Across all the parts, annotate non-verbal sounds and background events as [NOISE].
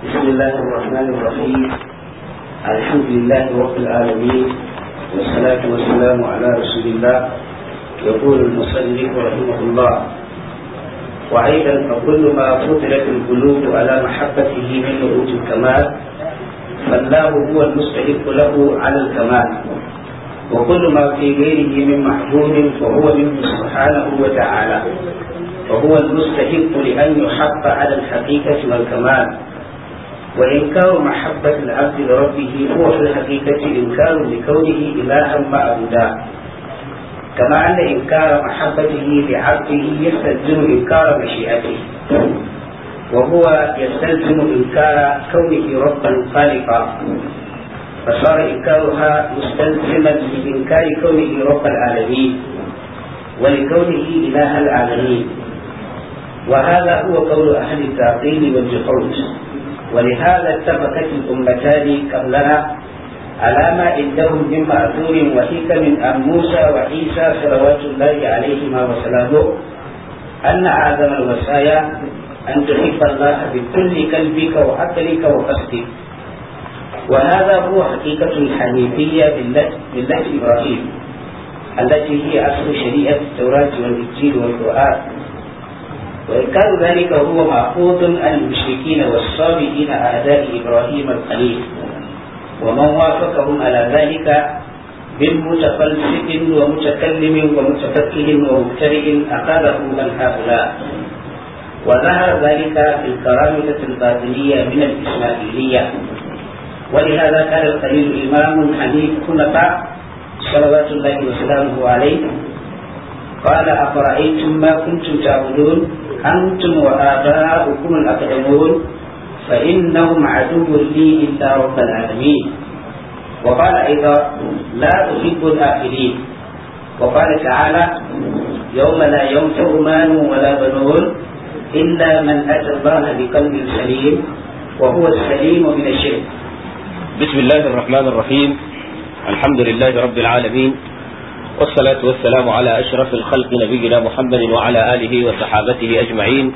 بسم الله الرحمن الرحيم الحمد لله رب العالمين والصلاة والسلام على رسول الله يقول المصلي رحمه الله وأيضا فكل ما فطرت القلوب على محبته من نعوت الكمال فالله هو المستحق له على الكمال وكل ما في غيره من محبوب فهو منه سبحانه وتعالى وهو المستحق لأن يحق على الحقيقة والكمال وإنكار محبة العبد لربه هو في الحقيقة إنكار لكونه إلها معبودا كما أن إنكار محبته لعبده يستلزم إنكار مشيئته وهو يستلزم إنكار كونه ربا خالقا فصار إنكارها مستلزما لإنكار كونه رب العالمين ولكونه إله العالمين وهذا هو قول أهل التعقيل والجحود ولهذا اتفقت الأمتان قبلنا على ما عندهم من معذور وحكم عن موسى وعيسى صلوات الله عليهما وسلامه أن أعظم الوصايا أن تحب الله بكل قلبك وعقلك وقصدك وهذا هو حقيقة الحنيفية بالله, بالله إبراهيم التي هي أصل شريعة التوراة والإنجيل والقرآن وإنكار ذلك هو معقود عن المشركين والصابئين أعداء إبراهيم الخليل ومن وافقهم على ذلك من متفلسف ومتكلم ومتفكه ومبتدئ أخذه من هؤلاء وظهر ذلك في الكرامة الباطنية من الإسماعيلية ولهذا كان الخليل إمام حنيف خلفاء صلوات الله وسلامه عليه قال أفرأيتم ما كنتم تعبدون أنتم وآباؤكم الأقدمون فإنهم عدو لي إلا رب العالمين وقال أيضا لا أحب الآخرين وقال تعالى يوم لا ينفع مال ولا بنون إلا من أتى الله بقلب سليم وهو السليم من الشرك بسم الله الرحمن الرحيم الحمد لله رب العالمين والصلاة والسلام على أشرف الخلق نبينا محمد وعلى آله وصحابته أجمعين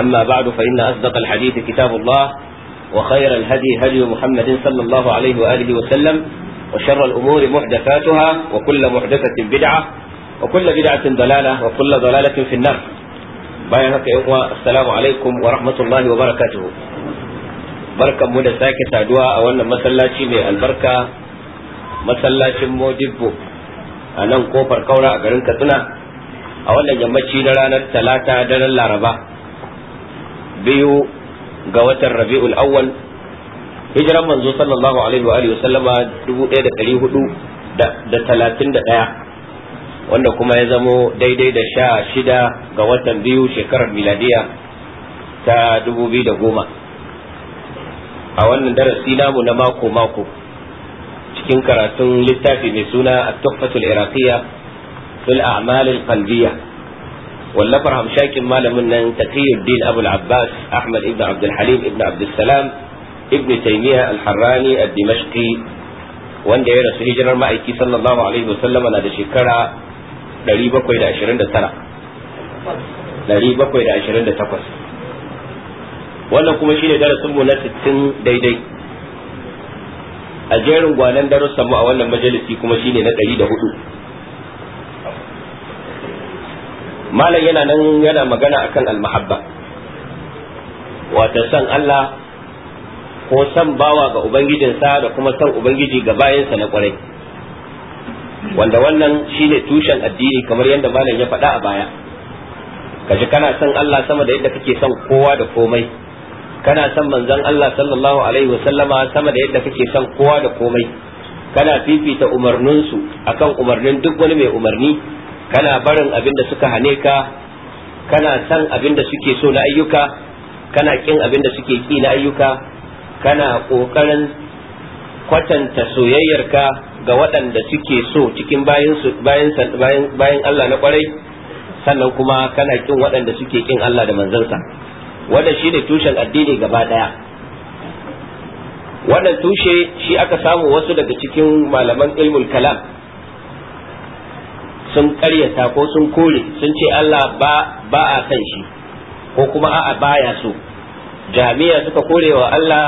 أما بعد فإن أصدق الحديث كتاب الله وخير الهدي هدي محمد صلى الله عليه وآله وسلم وشر الأمور محدثاتها وكل محدثة بدعة وكل بدعة ضلالة وكل ضلالة في النار بايهك إخوة السلام عليكم ورحمة الله وبركاته بركة مدى ساكتة أدواء أولا مسلاتي من البركة مسلاتي موجبه a nan kofar kaura a garin katsina a wannan yammaci na ranar talata daren laraba biyu ga watan rabi'ul awwal hijiran manzo sallallahu alaihi wa alihi sallama 1431 wanda kuma ya zamo daidai da sha shida ga watan biyu shekarar miladiya ta 2010 a wannan darasi namu na mako mako cikin karatun littafi mai suna a tuhfatul iraqiyya fil a'mal al-qalbiyya wallafar hamshakin malamin nan taqiyuddin abul abbas ahmad ibn abdul halim ibn abdul salam ibn taymiya al-harrani ad-dimashqi wanda ya rasu hijirar ma'aiki sallallahu alaihi wasallama na da shekara 729 728 wannan kuma shi ne darasinmu na 60 daidai a jerin gwanan darussan mu a wannan majalisi kuma shine na ɗari da hudu malam yana nan yana magana akan almahabba wata san Allah ko san bawa ga ubangijinsa da kuma san ubangiji ga bayansa na kwarai wanda wannan shine tushen addini kamar yadda malam ya faɗa a baya kaji kana san Allah sama da yadda kake son kowa da komai kana son manzon Allah sallallahu alaihi wasallama sama da yadda kake son kowa da komai kana fifita umarninsu akan umarnin duk wani mai umarni kana barin abin da suka hane ka kana san abin da suke so na ayyuka kana kin abin da suke ki na ayyuka kana kokarin kwatanta soyayyarka ga waɗanda suke so cikin bayan Allah na kwarai sannan kuma kana kin waɗanda suke kin Allah da manzansa shi ne tushen addini gaba ɗaya. wannan tushe shi aka samu wasu daga cikin malaman ilmul kalam sun karyata ko sun kore sun ce Allah ba ba a san shi ko kuma a'a baya so jami'a suka korewa wa Allah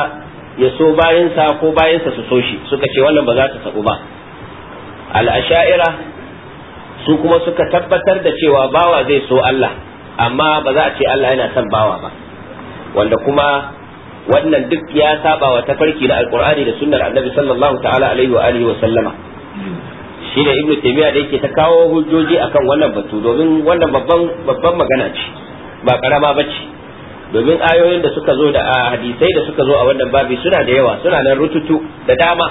ya so bayansa ko bayansa su so shi suka ce wannan ba za ta sabu ba al'asha'ira su kuma suka tabbatar da cewa bawa zai so Allah amma ba za a ce Allah yana son bawa ba wanda kuma wannan duk ya saba wa tafarki na alqur'ani da sunnar annabi sallallahu ta'ala alaihi wa alihi wa sallama shi ne ibnu taymiya da yake ta kawo hujjoji akan wannan batu domin wannan babban babban magana ce ba karama bace domin ayoyin da suka zo da hadisai da suka zo a wannan babi suna da yawa suna nan rututu da dama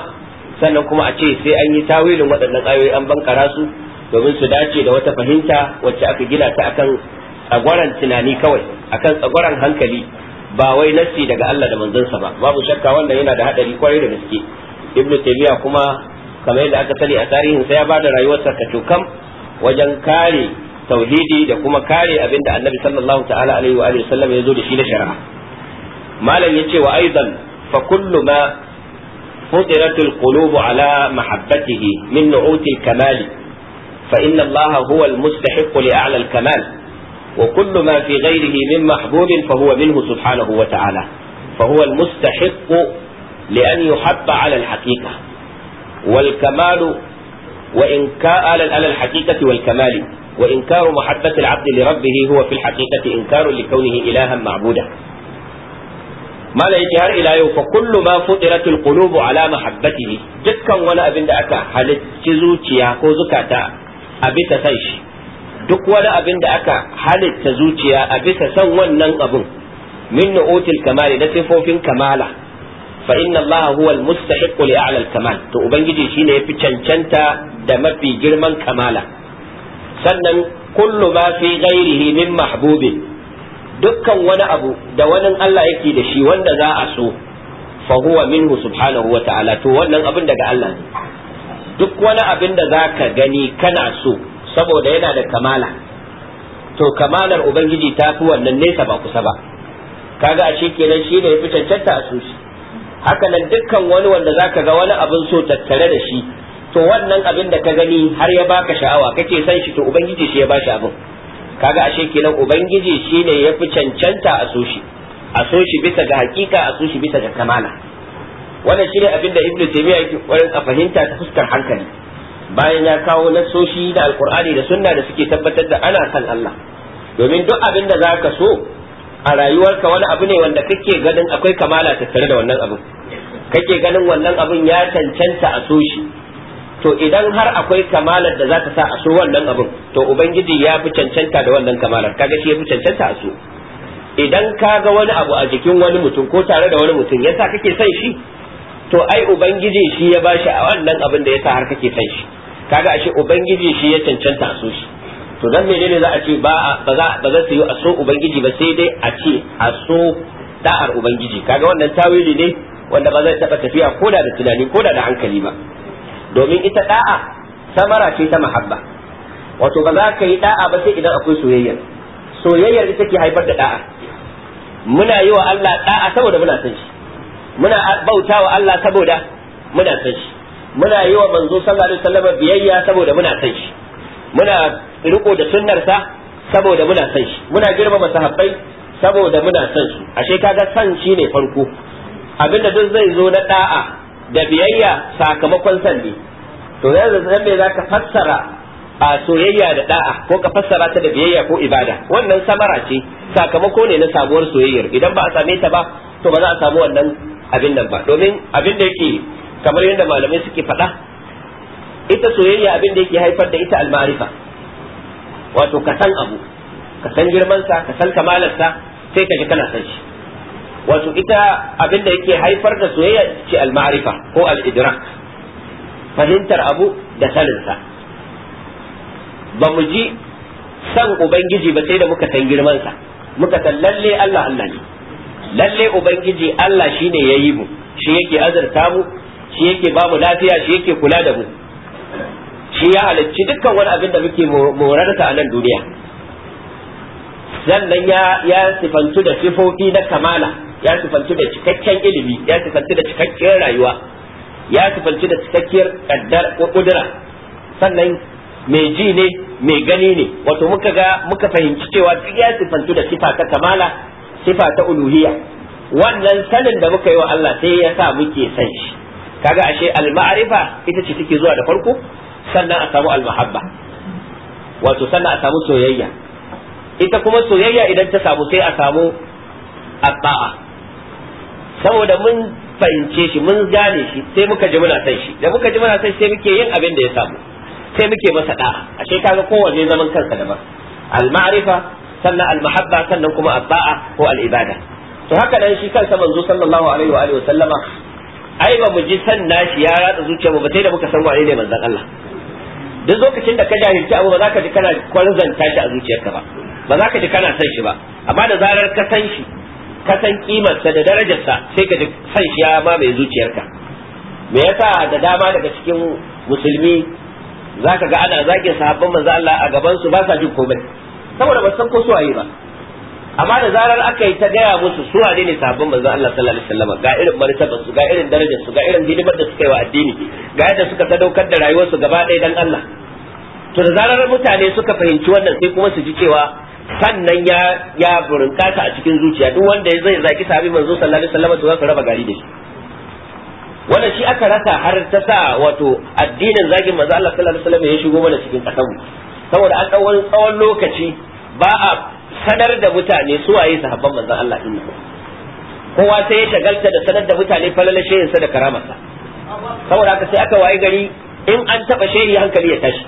sannan kuma a ce sai an yi tawilin waɗannan ayoyi an bankara su domin su dace da wata fahimta wacce aka gina ta akan tsagwaran tunani kawai akan tsagwaran hankali ba wai nassi daga Allah da manzansa ba babu shakka wannan yana da hadari kwarai da gaske ibn taymiya kuma kamar yadda aka sani a tarihin sa ya bada rayuwarsa ta cokam wajen kare tauhidi da kuma kare abin da annabi sallallahu ta'ala alaihi wa alihi sallam ya zo da shi na shari'a malam yace wa aidan fa kullu ma فطرت القلوب على محبته من نعوت الكمال فإن الله هو المستحق لأعلى الكمال وكل ما في غيره من محبوب فهو منه سبحانه وتعالى فهو المستحق لأن يحب على الحقيقة والكمال وإنكار على الحقيقة والكمال وإنكار محبة العبد لربه هو في الحقيقة إنكار لكونه إلها معبودا ما لا يجهر إلى يوم فكل ما فطرت القلوب على محبته جكا ولا أبن دعك هل تزوتيا كوزكا أبي تسيشي duk wani abin da aka halitta zuciya a bisa san wannan abin min nu'util kamali na sifofin kamala fa inna allaha huwa almustahiqu li a'la Kamal to ubangiji shine yafi cancanta da mafi girman kamala sannan kullu ma fi ghairihi min mahbubin dukkan wani abu da wani Allah yake da shi wanda za a so fa huwa minhu subhanahu wa ta'ala to wannan abin daga Allah ne duk wani abin da zaka gani kana so saboda yana da kamala to kamalar ubangiji ta fi wannan nesa ba kusa ba kaga a shi kenan shi ne fi cancanta a su haka nan dukkan wani wanda zaka ga wani abin so tattare da shi to wannan abin da ka gani har ya baka sha'awa kake san shi to ubangiji shi ya bashi abin kaga ashe kenan ubangiji shi ne ya fi cancanta a su shi a so shi bisa ga hakika a so shi bisa ga kamala wannan shine abin da ibnu taymiya yake kokarin a fahimta ta fuskar hankali bayan ya kawo nasoshi da alkur'ani da sunna da suke tabbatar da ana san Allah domin duk abin da zaka so a rayuwarka wani abu ne wanda kake ganin akwai kamala tattare da wannan abu kake ganin wannan abun ya cancanta a so shi to idan har akwai kamalar da zaka sa a so wannan abun, to ubangiji ya fi cancanta da wannan kamalar kaga shi ya fi cancanta a so idan ka ga wani abu a jikin wani mutum ko tare da wani mutum yasa kake son shi to ai ubangiji shi ya bashi a wannan abin da yasa har kake son shi kaga ashe ubangiji shi ya cancanta su shi to dan menene za a ce ba ba za ba za su yi aso ubangiji ba sai dai a ce aso da'ar ubangiji kaga wannan tawili ne wanda ba zai taba tafiya koda da tunani koda da hankali ba domin ita da'a samara ce ta mahabba wato ba za ka yi da'a ba sai idan akwai soyayya soyayyar ita ke haifar da da'a muna yi wa Allah da'a saboda muna son shi muna bautawa Allah saboda muna son shi muna yi wa manzo sallallahu alaihi wasallam biyayya saboda muna san shi muna riko da sunnarsa saboda muna san shi muna girmama sahabbai saboda muna san su ashe kaga san shi ne farko abinda duk zai zo na da'a da biyayya sakamakon san ne to yanzu zan me zaka fassara a soyayya da da'a ko ka fassara ta da biyayya ko ibada wannan samara ce sakamako ne na sabuwar soyayyar idan ba a same ta ba to ba za a samu wannan abin nan ba domin abin da yake kamar yadda malamai suke faɗa ita soyayya abin da yake haifar da ita almarifa wato ka san abu ka san girmansa ka san kamalarsa sai ka ji kana san shi wato ita abin da yake haifar da soyayya ce almarifa ko al'idrak fahimtar abu da saninsa ba mu ji san Ubangiji ba sai da muka san girmansa muka san lalle Allah Allah ne lalle Ubangiji Allah shine ya yi mu shi yake azurta mu shi yake ba mu lafiya shi yake kula da mu shi ya halicci dukkan wani abin da muke morarta a nan duniya sannan ya ya sifantu da sifofi na kamala ya sifantu da cikakken ilimi ya sifantu da cikakken rayuwa ya sifantu da cikakkiyar kaddar kudura sannan mai ji ne mai gani ne wato muka ga muka fahimci cewa duk ya sifantu da sifa ta kamala sifa ta uluhiyya wannan sanin da muka yi wa Allah sai ya sa muke san shi kaga ashe al-ma'rifa ita ce take zuwa da farko sannan a samu al-mahabba wato sannan a samu soyayya ita kuma soyayya idan ta samu sai a samu at saboda mun fahimce shi mun gane shi sai muka ji muna san shi da muka ji muna san shi sai muke yin abin da ya samu sai muke masa da'a ashe kaga kowanne zaman kansa daban al-ma'rifa sannan al-mahabba sannan kuma at ko al-ibada to haka nan shi kansa manzo sallallahu alaihi wa alihi wa sallama ai ba mu ji san nashi ya ratsa zuciya ba sai da muka san wane ne manzon Allah duk lokacin da ka jahilci abu ba za ka ji kana kwarzanta shi a zuciyarka ba ba za ka ji kana san shi ba amma da zarar ka san shi ka san kimarsa da darajarsa sai ka ji san shi ya mamaye zuciyarka me yasa da dama daga cikin musulmi zaka ga ana zagin sahabban manzo Allah a gaban su ba sa jin komai saboda ba san ko su waye ba amma da zarar aka yi ta gaya musu su wane ne sabon manzon Allah sallallahu alaihi wasallam ga irin martabar su ga irin darajar su ga irin hidimar da suka yi wa addini ga yadda suka sadaukar da rayuwar su gaba ɗaya dan Allah to da zarar mutane suka fahimci wannan sai kuma su ji cewa sannan ya ya burinkata a cikin zuciya duk wanda zai zaki sabon manzon sallallahu alaihi wasallam su za raba gari da shi wannan shi aka rasa har ta sa wato addinin zagin manzon Allah sallallahu alaihi wasallam ya shigo mana cikin kasanmu saboda an dau tsawon lokaci ba a sanar da mutane su waye sahabban manzon Allah din kowa sai ya shagalta da sanar da mutane falala sa da karamarsa saboda haka sai aka waye gari in an taba shehi hankali ya tashi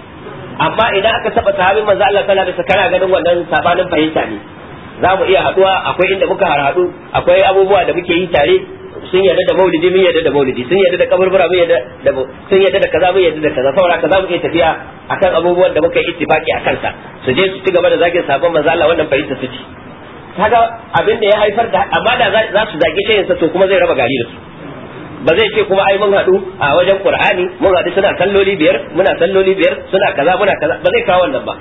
amma idan aka taba sahabin manzo Allah sallallahu alaihi wasallam ganin wannan sabanin fahimta ne za mu iya haduwa akwai inda muka harhaɗu akwai abubuwa da muke yi tare sun yarda da maulidi mun yarda da maulidi sun yarda da kaburbura mun yarda da sun yarda da kaza mun yarda da kaza saboda kaza muke tafiya akan abubuwan da muka yi ittifaki akan sa su je su ci gaba da zagin sabon manzo Allah wannan bai su ci kaga abin da ya haifar da amma da za su zagi shi sa to kuma zai raba gari da su ba zai ce kuma ai mun hadu a wajen Qur'ani mun hadu suna salloli biyar muna salloli biyar suna kaza muna kaza ba zai kawo wannan ba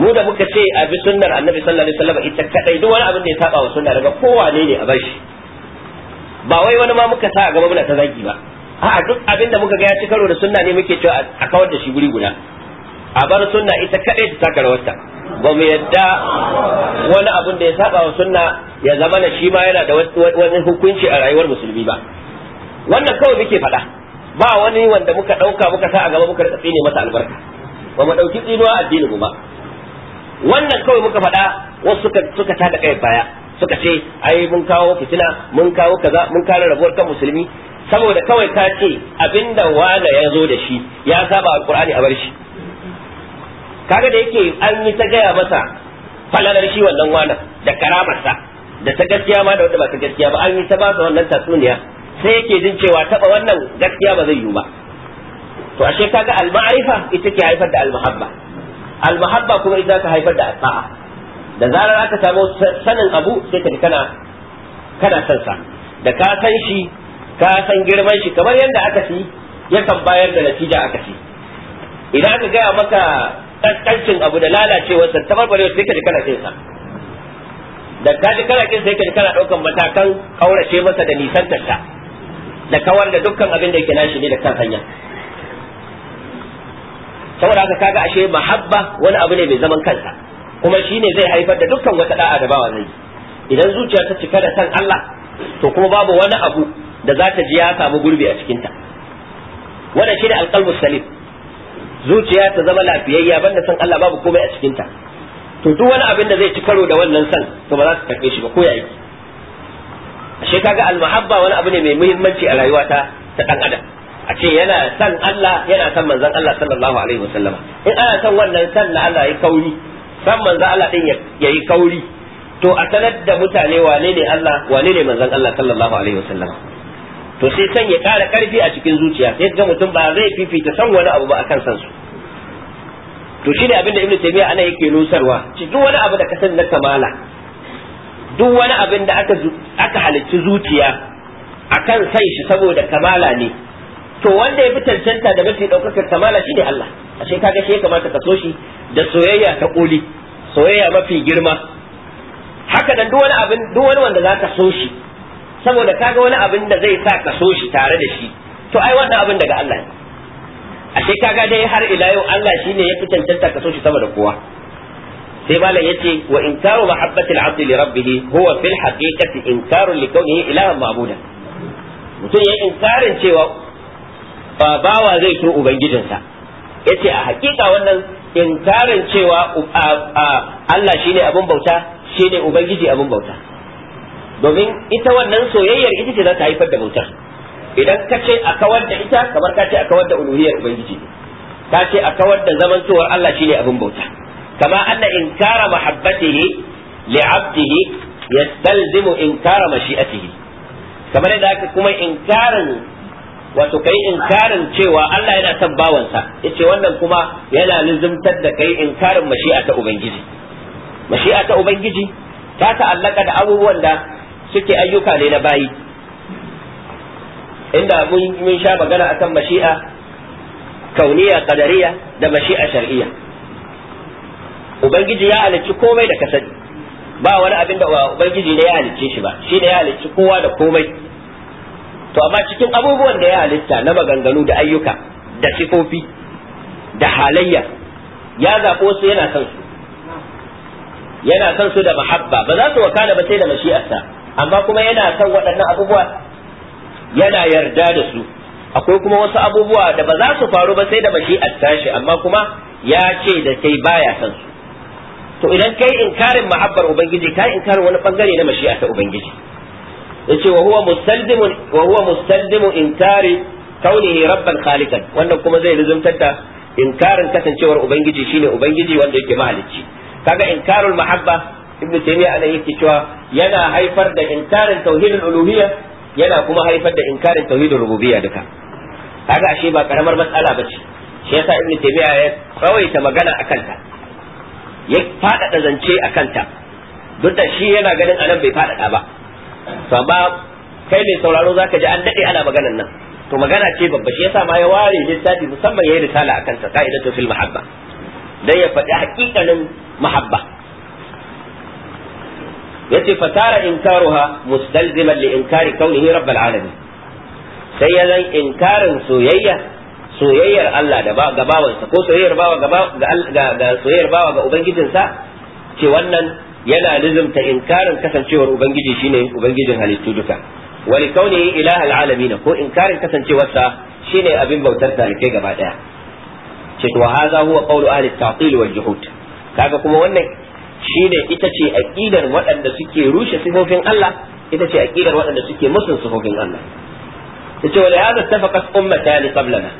mu da muka ce a bi sunnar annabi sallallahu alaihi wasallam ita kadai duk wani abin da ya saba wa sunna daga kowa ne a bar shi ba wai wani ma muka sa a gaba muna ta zagi ba a'a duk abin da muka ga ya ci karo da sunna ne muke cewa a kawar da shi guri guda a bar sunna ita kadai ta taka rawarta ba mu yadda wani abin da ya saba wa sunna ya zama na shi ma yana da wani hukunci a rayuwar musulmi ba wannan kawai muke faɗa ba wani wanda muka ɗauka muka sa a gaba muka rika tsine masa albarka ba mu ɗauki tsinuwa addinin mu ba wannan kawai muka faɗa wasu suka suka tada kai baya suka ce ai mun kawo fitina mun kawo kaza mun kare rabuwar kan musulmi saboda kawai ka ce abinda wala ya zo da shi ya saba alqur'ani a bar shi kaga da yake an yi ta gaya masa falalar shi wannan wala da karamarsa da ta gaskiya ma da wanda ba ta gaskiya ba an yi ta ba su wannan tatsuniya sai yake jin cewa taba wannan gaskiya ba zai yiwu ba to ashe kaga al-ma'rifa ita ke haifar da al-mahabba al-mahabba kuma ita ta haifar da al saa da zarar aka samu sanin abu sai ka ji kana kana san sa da ka san shi ka san girman shi kamar yadda aka ci yakan bayar da natija aka ci idan aka gaya maka tsakancin abu da lalacewar sa bare sai ka ji kana kin sa da ka ji kana kin sai ka ji kana daukan matakan kaurace masa da nisantar sa da kawar da dukkan abin da yake nashi ne da kan hanya saboda haka kaga ashe mahabba wani abu ne mai zaman kansa kuma shine zai haifar da dukkan wata da'a da bawa zai idan zuciya ta cika da san Allah to kuma babu wani abu da za ta ji ya samu gurbi a cikin ta shi shine alqalbu salim zuciya ta zama lafiyayya banda san Allah babu komai a cikin ta to duk wani abin da zai ci karo da wannan san to ba za ta karbe shi ba ko yayi ashe kaga almahabba wani abu ne mai muhimmanci a rayuwata ta ta dan adam a ce yana san Allah yana san manzon Allah sallallahu alaihi wasallam in ana san wannan san na Allah ya kauri san manzo Allah din yayi kauri to a sanar da mutane wane ne Allah wane ne manzan Allah sallallahu alaihi wasallam to sai san ya kara karfi a cikin zuciya sai ga mutum ba zai fifita san wani abu ba akan san su to shine abin da ibnu taymiya ana yake nusarwa ci duk wani abu da ka san na kamala duk wani abin da aka aka halicci zuciya akan san shi saboda kamala ne to wanda ya fi cancanta da mafi ɗaukakar kamala shine Allah ashe kaga shi ya kamata ka so shi da soyayya ta koli soyayya mafi girma haka nan duk abin duk wanda za ka so shi saboda kaga wani abin da zai sa ka so shi tare da shi to ai wannan abin daga Allah ne ashe kaga dai har ila yau Allah ne ya fi cancanta ka so shi sama kowa sai malam yace wa inkaru mahabbatil abdi li rabbih huwa fil haqiqati inkaru li kawnihi ilahan ma'budan mutum ya inkarin cewa ba bawa zai so ubangijinsa ce a hakika wannan inkarin cewa Allah shine abin bauta shine ubangiji abin bauta domin ita wannan soyayyar ita ce za ta haifar da bautar idan ka ce a kawar da ita kamar ka ce a kawar da uluhiyar ubangiji ka ce a kawar da zamantowar Allah shine abin bauta kama anna inkara mahabbatihi li 'abdihi yastalzimu inkara mashi'atihi kamar yadda kuma inkarin wato kai inkarin cewa Allah yana son bawansa yace wannan kuma yana lizumtar da kai inkarin mashi'a ta ubangiji mashi'a ta ubangiji ta ta'allaka da abubuwan da suke ayyuka ne na bayi inda mun sha magana akan mashi'a kauniya qadariya da mashi'a shar'iyya ubangiji ya halicci komai da kasani ba wani abin da ubangiji ne ya halicce shi ba shi ne ya halicci kowa da komai to amma cikin abubuwan da ya halitta na maganganu da ayyuka da sifofi da halayya ya zaɓo su yana son su yana son su da mahabba ba za su wakana ba sai da mashi'arsa amma kuma yana son waɗannan abubuwa yana yarda da su akwai kuma wasu abubuwa da ba za su faru ba sai da mashi'arsa shi. amma kuma ya ce da kai baya son su to idan kai inkarin mahabbar ubangiji kai inkarin wani bangare na mashi'a ubangiji yace wa huwa mustalzimun wa huwa mustalzimu inkari kaunihi rabban khaliqan wannan kuma zai rizumtar da inkarin kasancewar ubangiji shine ubangiji wanda yake mahalicci kaga inkarul mahabba ibnu taymiya anan yake yana haifar da inkarin tauhidul uluhiyya yana kuma haifar da inkarin tauhidul rububiyya duka kaga ashe ba karamar matsala bace shi yasa Ibn taymiya ya tsawaita magana akan ta ya faɗaɗa zance akan ta duk da shi yana ganin anan bai faɗaɗa ba to ba kai mai sauraro zaka ji an dade ana maganar nan to magana ce babba shi yasa ma ya ware littafi musamman yayi risala akan ta qa'idatu fil mahabba dan ya faɗi hakikanin mahabba yace fatara inkaruha mustalziman li inkari kaunihi rabbal alamin sai ya zan inkarin soyayya soyayyar Allah da ga bawansa ko soyayyar bawa ga soyayyar bawa ga ubangijinsa ce wannan yana nizumta inkarin kasancewar ubangiji shine ubangijin halittu duka wa li kaunihi ilahal alamin ko inkarin kasancewarsa shine abin bautar talikai gaba daya ce to hadha huwa qawlu ahli at-ta'til wal juhud kaga kuma wannan shine ita ce aqidar waɗanda suke rushe sifofin Allah ita ce aqidar waɗanda suke musun sifofin Allah tace wa lihada tafaqat ummatan qablana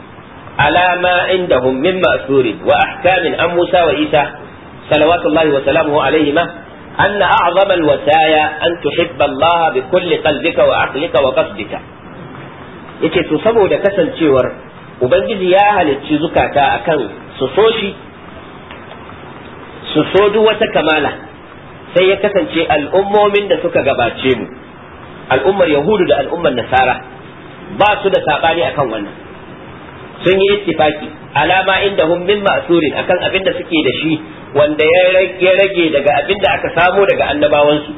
ala ma indahum min ma'thur wa ahkam an Musa wa Isa salawatullahi wa salamuhu alayhima. أن أعظم الوسايا أن تحب الله بكل قلبك وعقلك وقصدك yace to saboda kasancewar ubangiji ya halicci zukata akan su so shi su so duk wata kamala sai ya kasance al'ummomin da suka gabace mu al'ummar yahudu da al'ummar nasara ba su da sabani akan wannan sun yi ittifaki alama inda hum min ma'surin akan abin da suke da shi wanda ya rage daga abin da aka samo daga annabawansu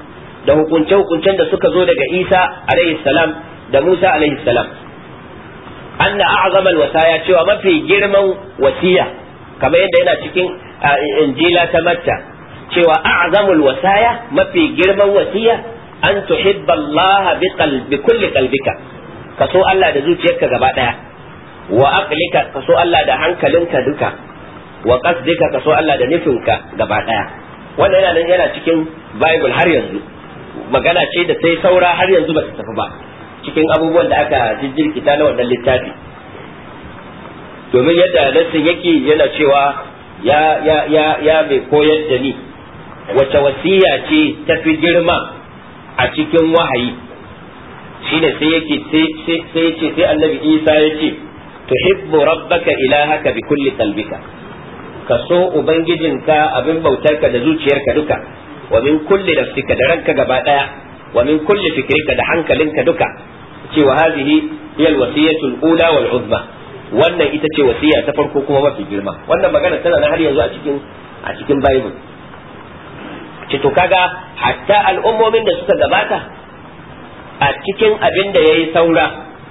da hukunce-hukuncen da suka zo daga Isa salam da Musa alaihi salam anna a'zamal wasaya cewa mafi girman wasiya kamar yadda yana cikin injila ta matta cewa a'zamul wasaya mafi girman wasiya an tuhibba Allah bi kulli qalbika ka so Allah da zuciyarka gaba daya wa aqlika ka so Allah da hankalinka duka wa qasdika ka so Allah da nufin ka gaba daya wannan yana nan yana cikin bible har yanzu magana ce da sai saura har yanzu ba ta tafi ba cikin abubuwan da aka jijjirkita na wannan littafi domin yadda nassin yake yana cewa ya ya ya ya mai koyar da ni wace wasiya ce ta fi girma a cikin wahayi shine sai yake sai sai sai annabi Isa ya ce tuhibbu rabbaka ilahaka bi kulli qalbika ka so ubangijinka abin bautarka da zuciyarka duka wa min kulli nafsika da ranka gaba daya wa min kulli fikrika da hankalinka duka cewa hadhihi hiya alwasiyatu alula wal uzma wannan ita ce wasiya ta farko kuma mafi girma wannan magana tana nan har yanzu a cikin a cikin bible ce to kaga hatta al'ummomin da suka gabata a cikin abin da yayi saura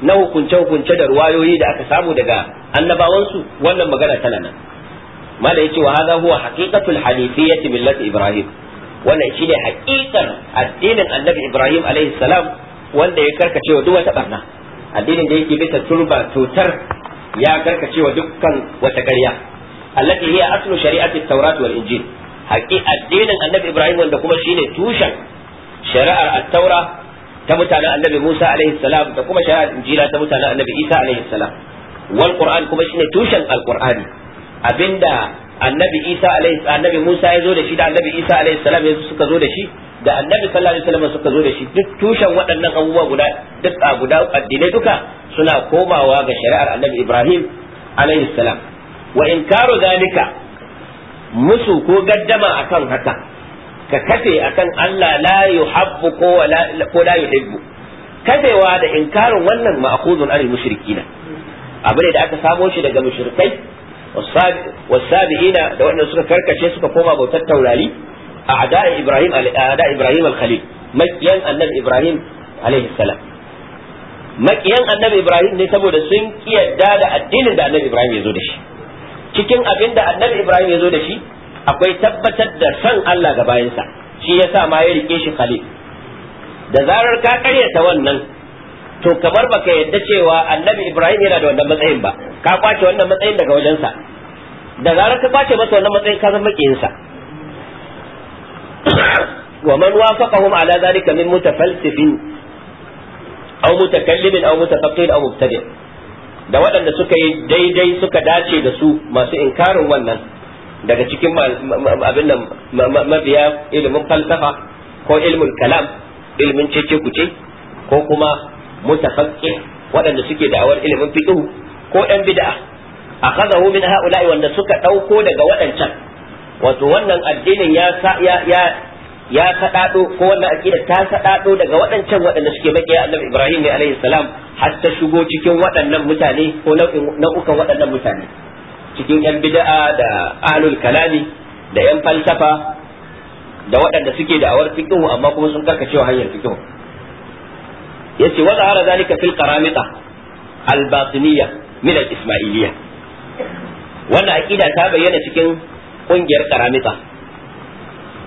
na hukunce-hukunce da ruwayoyi da aka samu daga annabawansu wannan magana tana nan mala yace wa hadha huwa haqiqatul hanifiyyati millati ibrahim wannan shine haqiqar addinin annabi ibrahim alaihi salam wanda ya karkace wa duk wata barna addinin da yake bisa turba tutar ya karkace wa dukkan wata ƙarya allati hiya aslu shari'ati at-taurat wal injil haqiqa addinin annabi ibrahim wanda kuma shine tushen shari'ar at-taura ta mutanen annabi musa alaihi salam da kuma shari'ar injila ta mutanen annabi isa alaihi salam wal qur'an kuma shine tushen al-qur'ani abinda annabi Isa alaihi annabi Musa ya zo da shi da annabi Isa alaihi salam ya suka zo da shi da annabi sallallahu alaihi wasallam suka zo da shi duk tushen waɗannan abubuwa guda duk a guda addinai duka suna komawa ga shari'ar annabi Ibrahim alaihi salam wa inkaru zalika musu ko gaddama akan haka ka kafe akan Allah la yuhabbu ko la ko la yuhibbu kafewa da inkarin wannan ma'khudun al mushrikina abu ne da aka samo shi daga mushrikai والسابعين da waɗanda suka karkace suka koma bautar taurari a ada'i ibrahim ada ibrahim al-khalil makiyan annabi ibrahim alaihi salam makiyan annabi ibrahim ne saboda sun kiyarda da addinin da annabi ibrahim ya zo da shi cikin abin da annabi ibrahim ya zo da shi akwai tabbatar da san Allah ga bayansa shi yasa ma ya rike shi khalil da zarar ka karyata wannan to kamar baka yadda cewa annabi ibrahim yana da wannan matsayin ba ka kwace wannan matsayin daga wajensa da zarar ka kwace masa wannan matsayin ka zama kiyinsa wa man wafaqahum ala zalika min mutafalsifin aw mutakallimin aw mutafaqqin aw mubtadi' da waɗanda suka yi daidai suka dace da su masu inkarin wannan daga cikin abin nan mabiya ilimin falsafa ko ilmin kalam ilmin cece ko kuma mutafaqqih waɗanda suke da'awar ilimin fiqh ko ɗan bid'a akhadahu min ha'ula wanda suka ɗauko daga waɗancan wato wannan addinin ya ya ya sadado ko wannan aqida ta sadado daga waɗancan waɗanda suke makiya annabi Ibrahim ne alaihi salam har ta shigo cikin waɗannan mutane ko nau'ukan waɗannan mutane cikin yan bid'a da ahlul kalami da yan falsafa da waɗanda suke da'awar fiqh amma kuma sun karkacewa hanyar fiqh yace wa zahara zalika fil qaramita al batiniya min al isma'iliya wannan aqida ta bayyana cikin kungiyar qaramita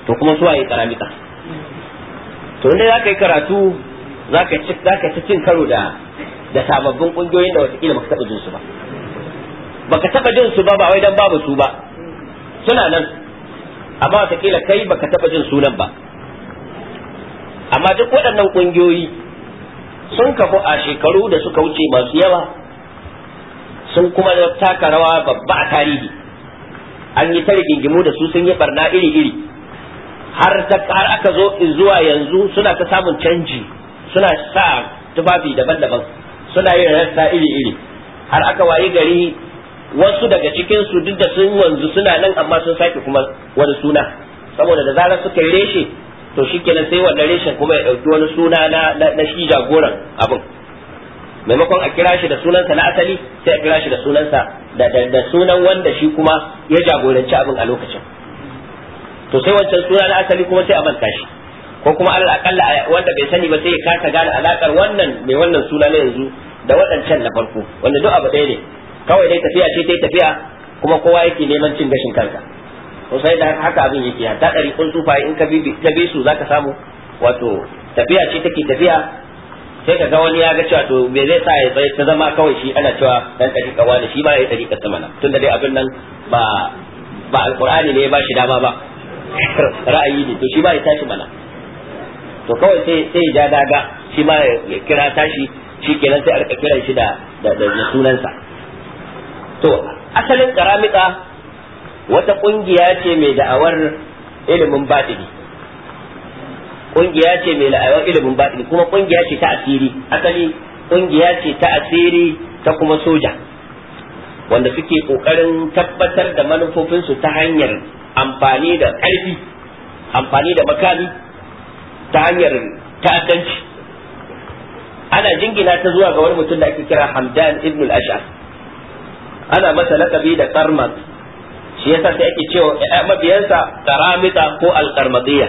to kuma su waye qaramita to inda zaka yi karatu zaka ci zaka ci cin karo da da sababbin kungiyoyin da watakila baka taba jin su ba baka taba jin su ba ba wai dan babu su ba suna nan amma wataƙila kai baka taba jin sunan ba amma duk waɗannan kungiyoyi sun kafu a shekaru da suka wuce masu yawa sun kuma taka rawa babba a tarihi an yi ta rigingimu da su sun yi barna iri-iri har ta aka zo zuwa yanzu suna ta samun canji suna sa tufafi daban-daban suna yin rasta iri-iri har aka wayi gari wasu daga cikin su duk da sun wanzu suna nan amma sun sake kuma wani suna saboda da zarar suka yi reshe to shi kenan sai wannan reshen kuma ya ɗauki wani suna na shi jagoran abin maimakon a kira shi da sunansa na asali sai a kira shi da sunansa da da sunan wanda shi kuma ya jagoranci abin a lokacin to sai wancan suna na asali kuma sai a manta shi ko kuma alal akalla wanda bai sani ba sai ya kasa gane alakar wannan mai wannan suna na yanzu da waɗancan na farko wanda duk abu ɗaya ne kawai dai tafiya ce ta tafiya kuma kowa yake neman cin gashin kansa to sai da haka abin yake Ta ɗari kun tufa in ka bi bi su zaka samu wato tafiya ce take tafiya sai ka ga wani ya ga cewa to me zai sa ya ta zama kawai shi ana cewa dan kaji kawa da shi ba ya tsari kasa mana tunda dai abin nan ba ba alqur'ani ne ya bashi dama ba [LAUGHS] ra'ayi ne to shi ba ya tashi mana to kawai sai sai ya daga shi ma ya kira tashi shi kenan sai a kiran shi da da sunansa to asalin karamika wata kungiya ce mai da'awar ilimin batini kungiya ce mai da'awar ilimin batini kuma kungiya ce ta asiri asali kungiya ce ta asiri ta kuma soja wanda suke kokarin tabbatar da manufofinsu ta hanyar amfani da ƙarfi amfani da makami ta hanyar ta'addanci ana jingina ta zuwa ga wani mutum da ake kira Hamdan ibn al-Ash'ar ana masa lakabi da Karmat shi yasa sai ake cewa mabiyansa karamita ko alkarmadiyya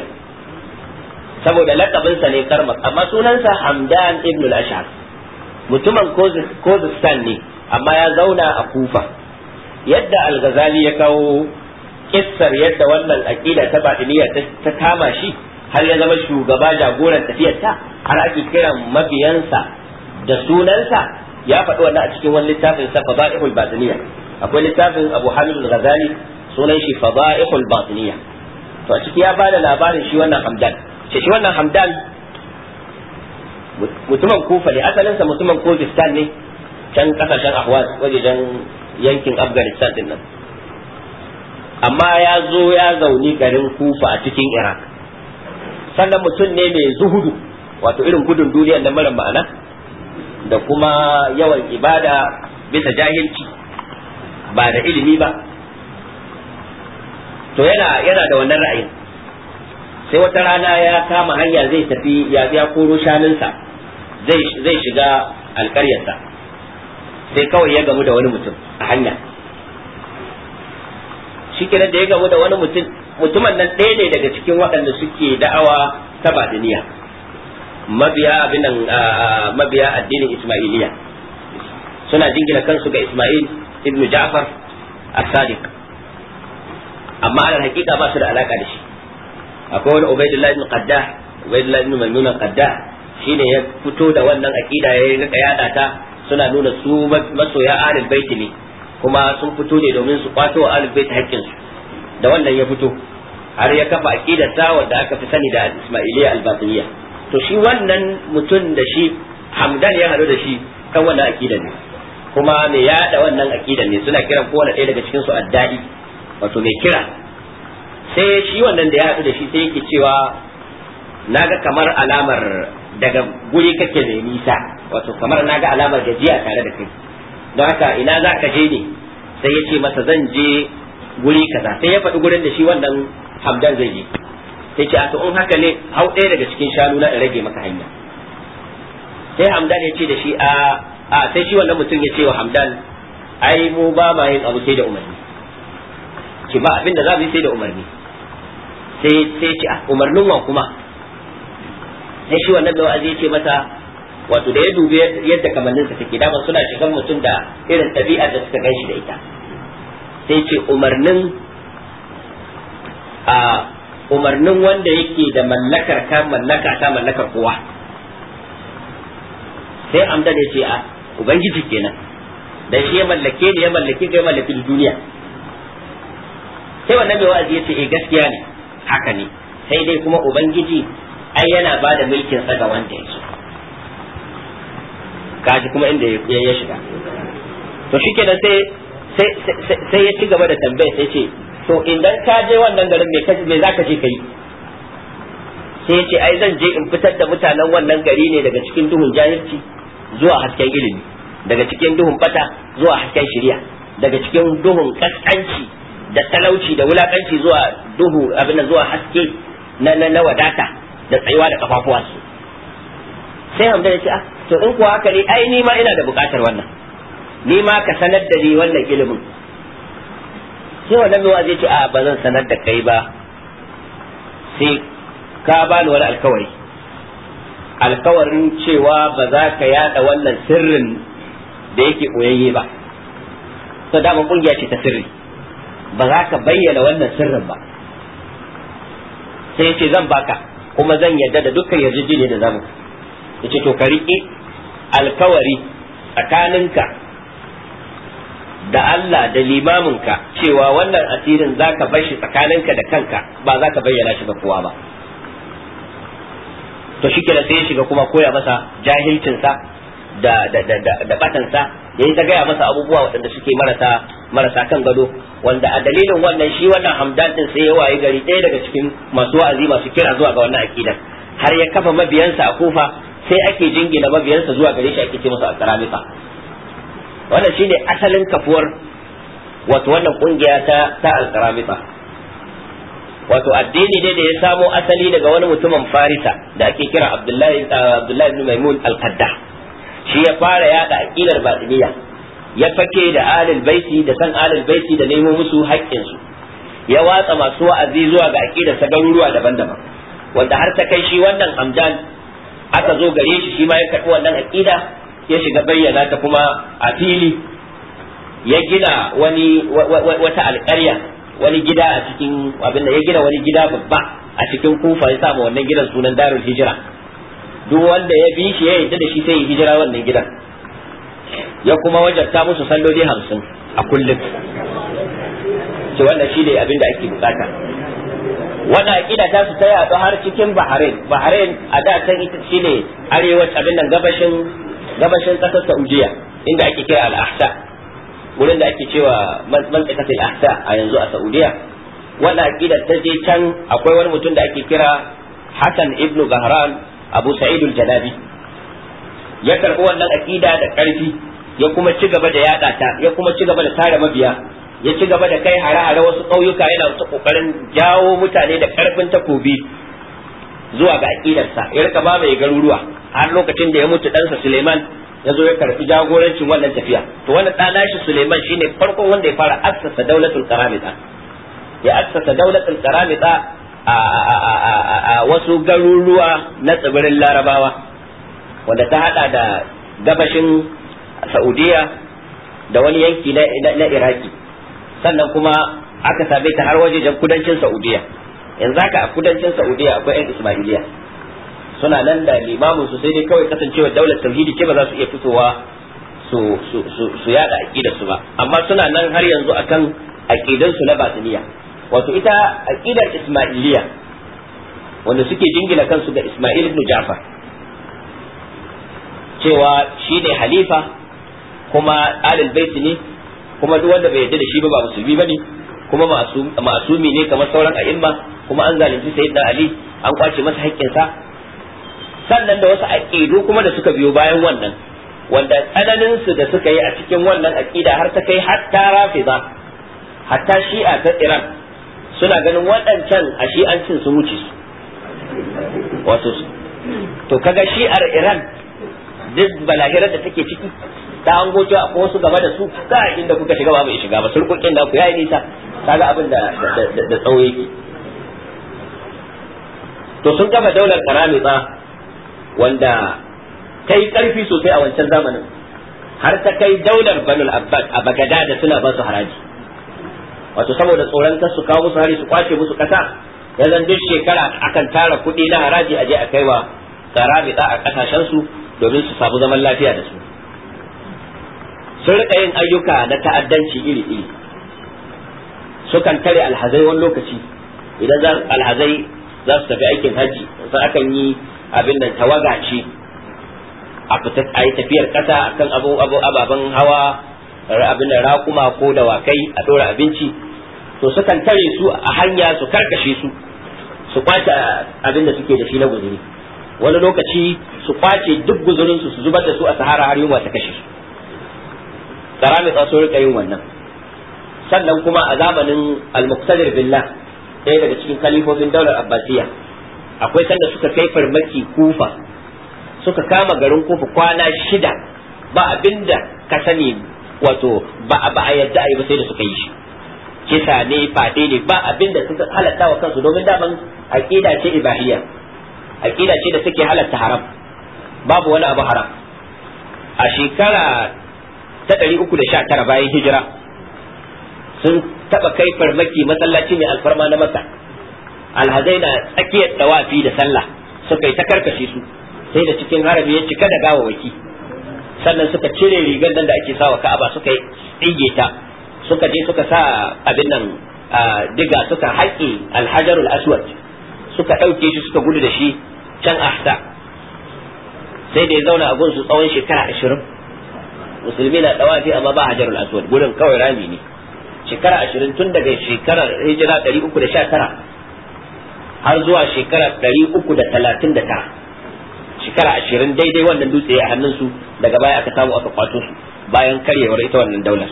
saboda lakabinsa ne karmat amma sunansa hamdan ibn al-ashar mutumin kozistan ne amma ya zauna a kufa yadda al-ghazali ya kawo kissar yadda wannan aqida ta batiniya ta kama shi har ya zama shugaba jagoran tafiyar ta har ake kiran mabiyansa da sunansa ya faɗi wannan a cikin wani littafin sa fadailul batiniya akwai littafin Abu Hamid al-Ghazali sunan shi Fada'ihul Batiniya to a ciki ya bada labarin shi wannan Hamdan ce shi wannan Hamdan mutumin Kufa ne asalin sa mutumin Kurdistan ne can kasashen Ahwaz wajejen yankin Afghanistan din nan amma ya zo ya zauni garin Kufa a cikin Iraq sannan mutum ne mai zuhudu wato irin gudun duniya na mara ma'ana da kuma yawan ibada bisa jahilci ba da ilimi ba to yana yana da wannan ra'ayin sai wata rana ya kama hanya zai tafi ya ya koro shanunsa zai zai shiga alƙaryarsa sai kawai ya gamu da wani mutum a hanya shi da ya gamu da wani mutum mutumin nan ɗaya ne daga cikin waɗanda suke da'awa ta badiniya mabiya abinan mabiya addinin ismailiya suna jingina kansu ga ismail ibnu ja'far as-sadiq amma alal hakika ba su da alaka da shi akwai wani ubaidullah ibn qaddah ubaidullah ibn Kadda qaddah shine ya fito da wannan aqida ya rika yada ta suna nuna su masoya ahlul bait ne kuma sun fito ne domin su kwato ahlul bait haƙƙin su da wannan ya fito har ya kafa ta wanda aka fi sani da Ismailiyya al-Batiniyya to shi wannan mutum da shi Hamdan ya haɗu da shi kan wannan aqidar ne kuma mai yada wannan aqidan ne suna kiran kowane ɗaya daga cikin su addadi wato mai kira sai shi wannan da ya haɗu da shi sai yake cewa naga kamar alamar daga guri kake mai nisa wato kamar naga alamar gajiya tare da kai don haka ina za ka je ne sai yace ce masa zan je guri kaza sai ya faɗi gurin da shi wannan hamdan zai je sai ce a to in haka ne hau ɗaya daga cikin shanu na rage maka hanya sai hamdan ya ce da shi a a sai shi wannan mutum ya ce wa hamdan ai mu ba ma yin abu sai da umarni ki ba abin da za mu yi sai da umarni sai sai ci a ah, umarnin wa kuma sai shi wannan da wa'azi ya ce mata wato da ya dubi yadda kamannin sa take dama suna shigan mutum da irin tabi'a da suka ganshi da ita sai ce umarnin a umarnin wanda yake da mallakar ka mallaka ta mallakar kowa sai amdan ya ce a ah, ubangiji kenan da shi ya mallake ni ya mallake kai mallaki duniya sai wannan mai wa'azi yace eh gaskiya ne haka ne sai dai kuma ubangiji ai yana ba da mulkin sa ga wanda yake kaji kuma inda ya shiga to shikenan sai sai ya ci gaba da tambaya sai ce to idan ka je wannan garin me kaji me zaka je kai sai ya ce ai zan je in fitar da mutanen wannan gari ne daga cikin duhun jahilci zuwa hasken ilimi daga cikin duhun fata zuwa hasken shirya daga cikin duhun kaskanci da talauci da wulakanci zuwa duhu abin zuwa haske na na wadata da tsayuwa da kafafuwa su sai hamda ya ce ah, to in kuwa haka ne ai ni ina da bukatar wannan ni ma ka sanar da ni wannan ilimin sai wannan mai zai ce a ah, ba zan sanar da kai ba sai ka bani wani alkawari alkawarin cewa ba za ka yada wannan sirrin da yake koyayye ba to dama kungiya ce ta sirri ba za ka bayyana wannan sirrin ba sai ce zan baka kuma zan yarda da dukkan yarjejeniya da zamu yace to ka riƙe alkawari tsakaninka da Allah da limaminka cewa wannan asirin za ka bar shi tsakaninka da kanka ba za ka bayyana shi ga kowa ba to shikenan sai ya shiga kuma koya masa jahilcinsa da da da da da ta gaya masa abubuwa waɗanda suke marasa marasa kan gado wanda a dalilin wannan shi wannan hamdan din sai ya waye gari ɗaya daga cikin masu wa'azi masu kira zuwa ga wannan akidar har ya kafa mabiyansa a kufa sai ake jingina mabiyansa zuwa gare shi ake ce masa akaramika wannan shine asalin kafuwar wato wannan kungiya ta ta alkaramita wato addini dai da ya samo asali daga wani mutumin farisa da ake kira abdullahi uh, abdullahi ibn maimun al-qadda shi ya fara yada aqidar batiniya ya fake da alil baiti da san alil baiti da nemo musu haƙƙin su ya watsa masu wa'azi zuwa ga aqidar sa garuruwa daban-daban wanda har ta kai shi wannan amjan aka zo gare shi shi ma ya karɓi wannan aqida ya shiga bayyana ta kuma a fili ya gina wani wata alƙarya wani gida a cikin abin da ya gina wani gida babba a cikin kufa ya samu wannan gidan sunan darul hijira duk wanda ya bi shi ya yi da shi sai ya hijira wannan gidan ya kuma wajarta musu salloli hamsin a kullum ce wannan shi ne abin da ake bukata wannan aƙida ta su ta har cikin bahrain bahrain a da can ita shi ne arewa abin nan gabashin gabashin ƙasar saudiya inda ake kira al-ahsa wurin da ake cewa mantsakatil ahsa a yanzu a saudiya wannan aqida ta je can akwai wani mutum da ake kira hasan ibn gahran abu sa'id al-jalabi ya karbi wannan aqida da karfi ya kuma ci gaba da yada ta ya kuma ci gaba da tare mabiya ya ci gaba da kai hare-hare wasu ƙauyuka yana ta kokarin jawo mutane da karfin takobi zuwa ga aqidarsa ya rika ba mai garuruwa har lokacin da ya mutu ɗansa Suleiman ya zo ya karfi jagorancin wannan tafiya to wannan ɗan Suleiman shine farkon wanda ya fara assasa daulatul karamita ya assasa daulatul karamita a wasu garuruwa na tsibirin Larabawa wanda ta hada da gabashin Saudiya da wani yanki na Iraki sannan kuma aka same ta har wajejen kudancin Saudiya yanzu haka a kudancin Saudiya akwai 'yan Ismailiya suna nan da limamin su sai dai kawai kasancewa daular tauhidi ce ba za su iya fitowa su su su yada aqidar su ba amma suna nan har yanzu akan aqidar su na batiniya wato ita aqidar ismailiya wanda suke jingina kansu ga Ismail ibn Ja'far cewa shi ne halifa kuma alil baiti ne kuma duk wanda bai yarda da shi ba ba musulmi bane kuma masumi ne kamar sauran a'imma kuma an zalunci sayyidina Ali an kwace masa haƙƙinsa sannan da wasu aƙidu kuma da suka biyo bayan wannan wanda tsananin su da suka yi a cikin wannan aƙida har ta kai hatta rafiza hatta shi'a ta iran suna ganin waɗancan a shi'ancin su wuce su wato su to kaga shi'ar iran duk balahirar da take ciki ta an goce a wasu gaba da su ka inda kuka shiga ba mai shiga ba surkukin da ku yayi nisa kaga abin da da tsawo yake to sun kafa daular karamita wanda ta yi ƙarfi sosai a wancan zamanin har ta kai daular banul abbas a bagada da suna ba su haraji wato saboda tsoron ta su kawo musu hari su kwace musu ƙasa ya zan duk shekara akan tara kuɗi na haraji a je a kaiwa karamita a ƙasashen su domin su samu zaman lafiya da su sun rika yin ayyuka na ta'addanci iri-iri sukan tare alhazai wani lokaci idan alhazai za su tafi aikin hajji sai akan yi abin nan tawaga ce a fita a yi tafiyar kasa akan ababen hawa abin nan rakuma ko dawakai a dora abinci to sukan tare su a hanya su karkashe su su kwace abin da suke da shi na guzuri wani lokaci su kwace duk guzurin su su zubar da su a sahara har yunwa ta kashe su karamita sun rika yin wannan sannan kuma a zamanin al-muqtadir billah ɗaya daga cikin kalifofin daular abbasiyya akwai sanda suka kai farmaki kufa suka kama garin kufa kwana shida ba abinda ka sani wato ba ba a yadda yi ba sai da suka yi shi kisa ne fade ne ba abinda suka halatta wa kansu domin daman aqida ce ibahiyya aqida ce da suke halatta haram babu wani abu haram a shekara ta 319 bayan hijira sun taba kai farmaki masallaci ne alfarma na Makka alhazai na tsakiyar tawafi da sallah suka yi ta karkashe su sai da cikin harabi ya cika da gawa waki sannan suka cire rigar nan da ake sawa ka'aba suka tsige ta suka je suka sa abin nan diga suka haƙe alhajarul aswad suka ɗauke shi suka gudu da shi can ahsa sai da ya zauna a gunsu tsawon shekara ashirin musulmi na ɗawafi amma ba hajarul aswad gudun kawai rami ne shekara ashirin tun daga shekarar hijira ɗari uku da sha tara har zuwa shekara 339 shekara 20 daidai wannan dutse a hannunsu daga baya aka samu aka kwato su bayan karyewar ita wannan daular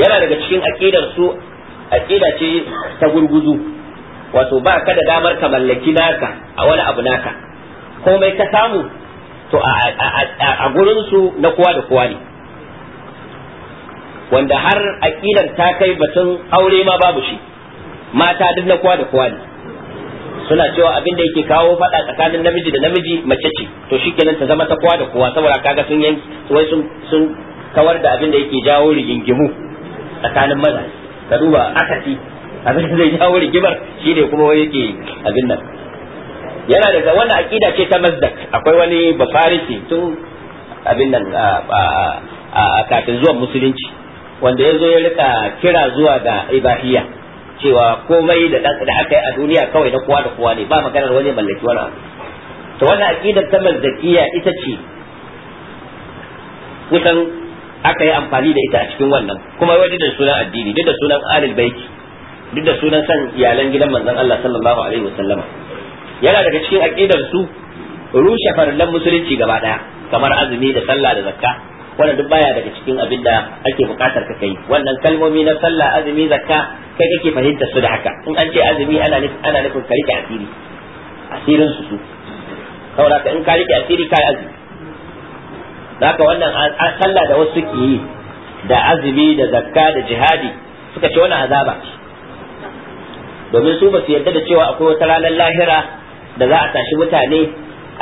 yana daga cikin aqidar su aqida ce ta gurguzu wato ba ka da damar ka mallaki naka a wani abu naka komai ka samu to a gurin su na kowa da kowa ne wanda har aqidar ta kai batun aure ma babu shi mata duk na kowa da kowa ne suna cewa abin da yake kawo fada tsakanin namiji da namiji mace ce to shikenan ta zama ta kowa da kowa saboda kaga sun yanki wai sun sun kawar da abin da yake jawo rigingimu tsakanin maza ka duba akasi abin da zai jawo rigimar shine kuma wai yake abin nan yana da wannan aqida ce ta mazdak akwai wani bafarisi tun abin nan a kafin zuwan musulunci wanda ya zo ya rika kira zuwa ga ibahiyya cewa komai da da aka yi a duniya kawai na kowa da kowa ne ba maganar wani mallaki wani abu to wannan aqidar ta mazdakiya ita ce kusan aka yi amfani da ita a cikin wannan kuma wai da sunan addini duk da sunan alil baiti duk da sunan san iyalan gidan manzon Allah sallallahu alaihi wasallama yana daga cikin aqidar su rushe farillan musulunci gaba daya kamar azumi da sallah da zakka wannan duk baya daga cikin abin da ake buƙatar ka kai wannan kalmomi na sallah azumi zakka kai kake fahimtar su da haka in an ce azumi ana nufin ana nufin ka rike asiri asirin su su saboda ka in ka rike asiri kai azumi zaka wannan sallah da wasu ke yi da azumi da zakka da jihadi suka ce wannan azaba ce domin su ba su yarda da cewa akwai wata ranar lahira da za a tashi mutane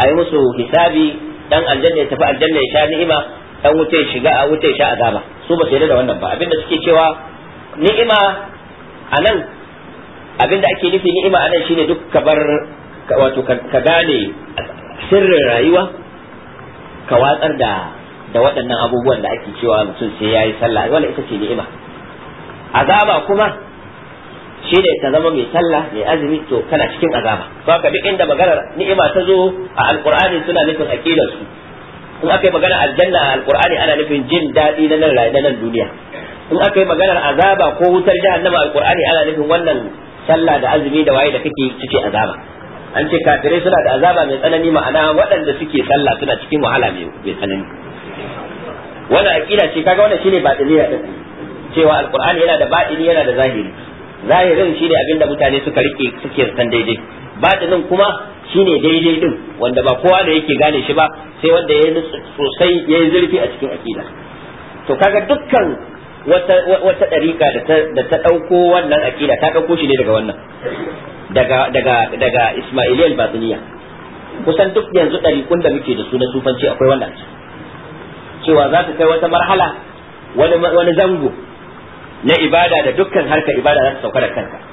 a yi musu hisabi dan aljanna ya tafi aljanna ya sha ni'ima dan wuce shiga a wuce sha azaba su ba su yarda da wannan ba abinda suke cewa ni'ima anan abinda ake nufi ni'ima anan shine duk kabar wato ka gane sirrin rayuwa ka watsar da da waɗannan abubuwan da ake cewa mutum sai ya yi sallah wala ita ce ni'ima azaba kuma shi ne ka zama mai sallah mai azumi to kana cikin azaba to ka duk inda maganar ni'ima ta zo a alqur'ani suna nufin aqidarsu su in aka yi magana aljanna a alkur'ani ana nufin jin daɗi na nan na nan duniya in aka yi maganar azaba ko wutar jahannama alkur'ani ana nufin wannan sallah da azumi da waye da kake cike azaba an ce kafirai suna da azaba mai tsanani ma'ana waɗanda suke sallah suna cikin wahala mai tsanani wannan aqida ce kaga wannan shine batiniya din cewa alqur'ani yana da batini yana da zahiri zahirin shine abinda mutane suka rike suke san daidai batinin kuma shine daidai din wanda ba kowa da yake gane shi ba sai wanda ya sosai ya yi zurfi a cikin akida to kaga dukkan wata wata dariƙa da ta ɗauko wannan akida ta ɗauko shi ne daga wannan daga daga daga Ismailiyal Batiniya kusan duk yanzu ɗariƙun da muke da su na sufanci akwai wannan cewa za ta kai wata marhala wani wani zango na ibada da dukkan harka ibada za ta sauka da kanka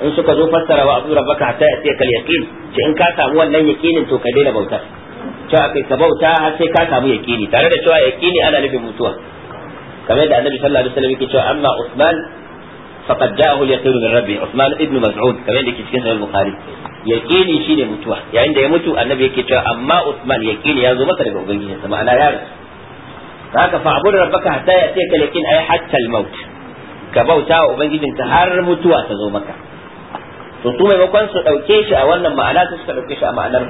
in suka zo fassara wa abu rabbaka hatta ya kal yaqin ce in ka samu wannan yaqinin to ka daina bautar to akai ka bauta har sai ka samu yaqini tare da cewa yaqini ana nufin mutuwa kamar da annabi sallallahu alaihi wasallam yake cewa amma usman faqad ja'ahu al-yaqin min rabbi usman ibn mas'ud kamar da yake cikin sahih bukhari yaqini shine mutuwa yayin da ya mutu annabi yake cewa amma usman yaqini ya zo masa daga ubangijinsa ma'ana ya rasu haka fa abu rabbaka hatta ya sai ka yaqin ay hatta al-maut ka bauta wa ubangijinka har mutuwa ta zo maka to su maimakon su ɗauke shi a wannan ma'ana su suka ɗauke shi a ma'anar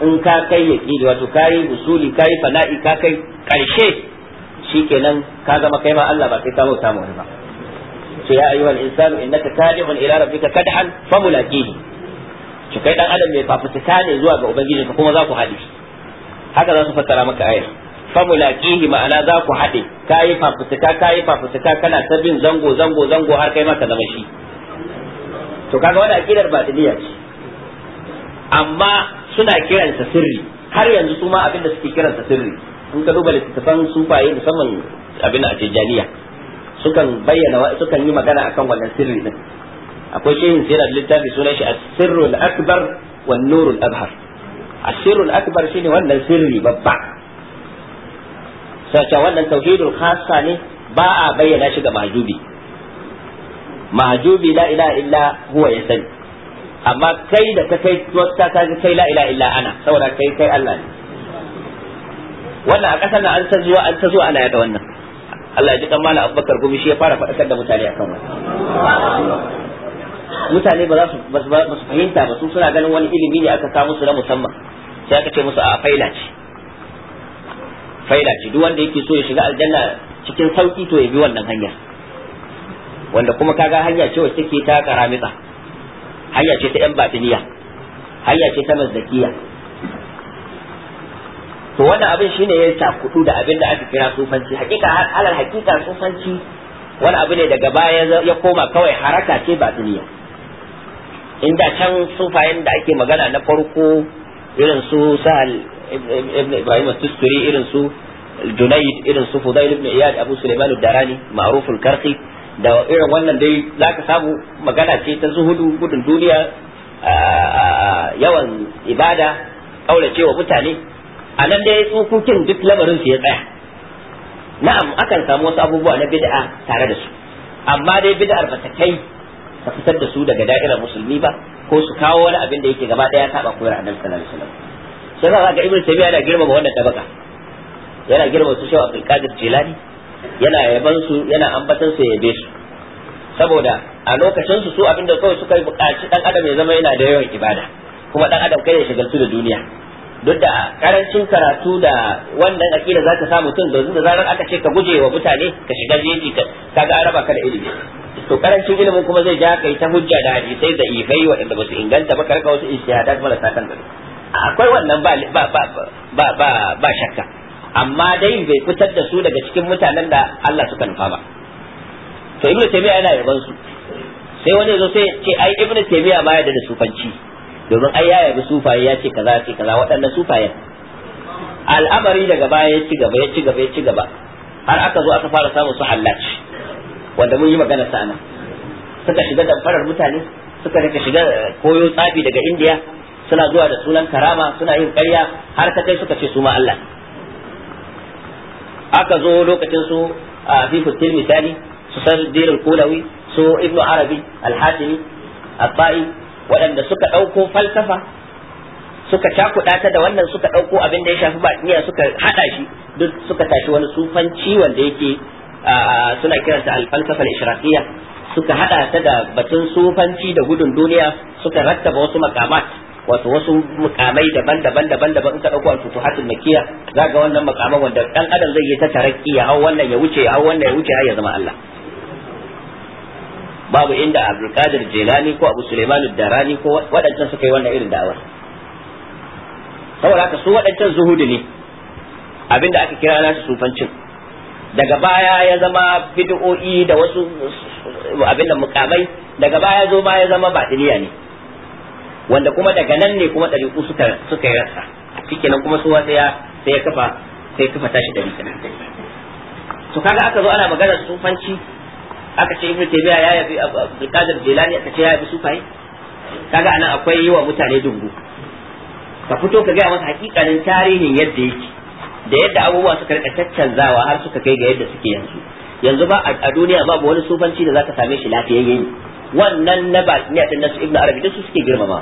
in ka kai ya ƙi wato ka yi usuli ka yi fana'i ka kai ƙarshe shi nan ka zama kai ma Allah ba sai ka bauta mu ba ce ya ayyuhal insanu innaka kadihun ila rabbika kadhan famulaqihi ki kai dan adam mai fafutuka ne zuwa ga ubangiji ka kuma za ku haɗe haka za su fassara maka ayar famulaqihi ma'ana za ku haɗe kayi fafutuka kayi fafutuka kana ta bin zango zango zango har kai ma ka zama shi to kaga wani akidar batiniya ce amma suna kiransa sirri har yanzu su ma abinda suke suke kiransa sirri in ka duba littafan sufaye musamman abin a tijaniya sukan bayyana sukan yi magana akan wannan sirri din akwai shehin sai littafi sunan shi as-sirrul akbar wan nurul abhar as-sirrul akbar shine wannan sirri babba sai wannan tauhidul khassa ne ba a bayyana shi ga majubi mahjubi la ilaha illa huwa ya sani amma kai da ka kai ta ka kai la ilaha illa ana saboda kai kai Allah ne wannan a kasar nan an ta zuwa an ta zuwa ana yaga wannan Allah ya ji kan mallam Abubakar gumi shi ya fara faɗakar da mutane akan wannan mutane ba za su ba su fahimta ba su suna ganin wani ilimi ne aka samu su na musamman sai aka ce musu a faila ce faila ce duk wanda yake so ya shiga aljanna cikin sauki to ya bi wannan hanya wanda kuma kaga hanya ce wacce take ta karamita hanya ce ta yan batiniya hanya ce ta mazdakiya to wanda abin shine ya ta kudu da abin da aka kira sufanci hakika alal hakika sufanci wani abu ne daga baya ya koma kawai haraka ce batiniya inda can sufayen da ake magana na farko irin su sahal ibn ibrahim tusturi irin su junayd irin su fudail ibn iyad abu sulaiman darani ma'ruf al-karqi da irin wannan dai za ka samu magana ce ta zuhudu gudun duniya yawan ibada ƙauracewa mutane a nan dai tsokokin duk lamarin su ya tsaya na'am akan samu wasu abubuwa na bid'a tare da su amma dai bid'ar ba ta kai ta fitar da su daga da'irar musulmi ba ko su kawo wani abin da yake gaba daya saba koyar annabi sallallahu alaihi wasallam sai ga ibnu taymiya yana girmama wannan tabaka yana girmama su shawa qadir jilani yana yaban su yana ambatan su yabe su saboda a lokacin su su abinda kawai suka yi buƙaci dan adam ya zama yana da yawan ibada kuma dan adam kai ya shigaltu da duniya duk da karancin karatu da wannan akida zaka sa mutum da da zarar aka ce ka guje wa mutane ka shiga jeji ka kaga araba ka da ilimi to karancin ilimin kuma zai ja kai ta hujja da hadisai da ifai waɗanda ba su inganta ba karka wasu ijtihadat marasa kan akwai wannan ba ba ba ba ba shakka amma dai bai fitar da su daga cikin mutanen da Allah suka nufa ba to ibnu taymiya yana yaban su sai wani yazo sai ce ai ibnu taymiya baya da sufanci domin ai ya yabi sufaye ya ce kaza ce kaza waɗannan sufayen al'amari daga baya ya ci gaba ya ci gaba ya ci gaba har aka zo aka fara samun su hallaci wanda mun yi magana sa nan suka shiga damfarar mutane suka rika shiga eh, koyo tsafi daga indiya suna zuwa da sunan karama suna yin ƙarya har ta kai suka ce su ma Allah aka zo lokacin su a fifu misali su san dirin kulawi su ibnu arabi alhatimi abba'i waɗanda suka ɗauko falsafa suka cakuɗa ta da wannan suka ɗauko abin da ya shafi batiniya suka haɗa shi duk suka tashi wani sufanci wanda yake suna kiranta alfalsafa al-ishraqiyya suka haɗa ta da batun sufanci da gudun duniya suka rattaba wasu makamat wato wasu mukamai daban-daban daban-daban in ka dauko al-futuhatul makkiya zaka wannan mukaman wanda dan adam zai yi ta tarakki ya hawo wannan ya wuce ya hawo wannan ya wuce ya zama Allah babu inda Abdul Qadir Jilani ko Abu Sulaiman Darani ko waɗancan suka yi wannan irin da'awa saboda haka su waɗancan zuhudi ne abinda aka kira nasu sufancin daga baya ya zama bid'o'i da wasu abinda mukamai daga baya zo baya ya zama batiliya ne wanda kuma daga nan ne kuma ɗariƙu suka suka yi rassa shikenan kuma su wata ya sai ya kafa sai ya kafa tashi ɗari kenan to kaga aka zo ana magana sufanci aka ce ibnu taymiya ya yabi abdul jilani aka ce ya yabi sufai kaga anan akwai yi wa mutane dungu ka fito ka gaya masa hakikanin tarihin yadda yake da yadda abubuwa suka rika caccanzawa har suka kai ga yadda suke yanzu yanzu ba a duniya babu wani sufanci da zaka same shi lafiyayye ne wannan na ne din nasu ibnu arabi da su suke girmama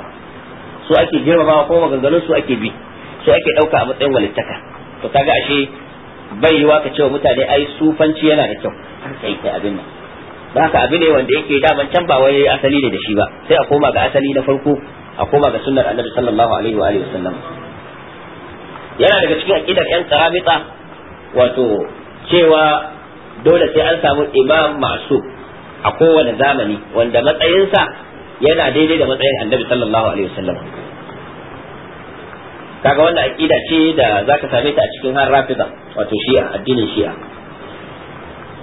su ake girmama ko maganganun su ake bi su ake dauka a matsayin walittaka to kaga ashe bai yiwa ka cewa mutane ai sufanci yana da kyau har sai kai abin nan ba haka abin ne wanda yake ban can ba wai asali ne da shi ba sai a koma ga asali na farko a koma ga sunnar annabi sallallahu alaihi wa alihi wasallam yana daga cikin aqidar yan karamita wato cewa dole sai an samu imam masu. a kowane zamani wanda matsayinsa yana daidai da matsayin annabi sallallahu alaihi wasallam kaga wannan aqida ce da zaka same ta a cikin har rafida wato shi'a addinin shi'a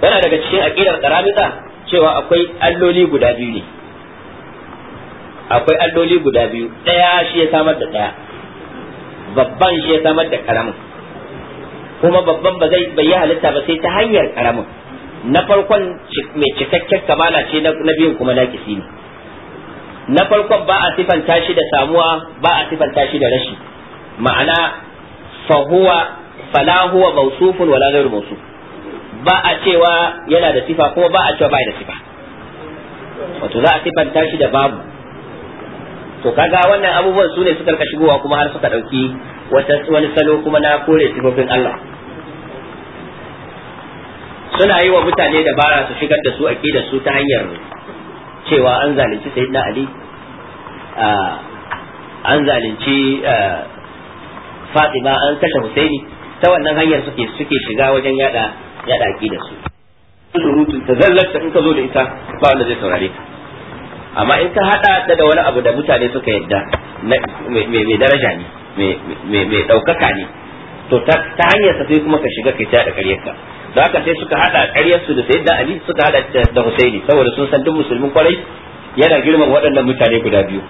yana daga cikin aqidar qarabita cewa akwai alloli guda biyu ne akwai alloli guda biyu daya shi ya samar da daya babban shi ya samar da karamin kuma babban ba zai bai halitta ba sai ta hanyar karamin na farkon mai cikakken kamala ce na biyun kuma nakisi ne na farkon ba a sifanta shi da samuwa ba a sifanta shi da rashi ma'ana fahuwa falahuwa huwa wala ghairu mausuf ba a cewa yana da sifa kuma ba a cewa ba da sifa wato za a sifanta shi da babu to kaga wannan abubuwan su ne suka shigowa kuma har suka dauki wani salo kuma na kore sifofin Allah suna yi wa mutane da dabara su shigar da su a da su ta hanyar cewa an zalunci na ali an zalunci fatima an kashe husaini ta wannan hanyar suke suke shiga wajen yada yada da su surutu ta zallarta in ka zo da ita ba wanda zai saurare ka amma in ka hada ta da wani abu da mutane suka yadda mai daraja ne mai daukaka ne to ta hanyar sai kuma ka shiga kai ta da karyarka da haka sai suka hada ƙaryar su da sayyidina ali suka hada da husaini saboda sun san duk musulmin kwarai yana girman waɗannan mutane guda biyu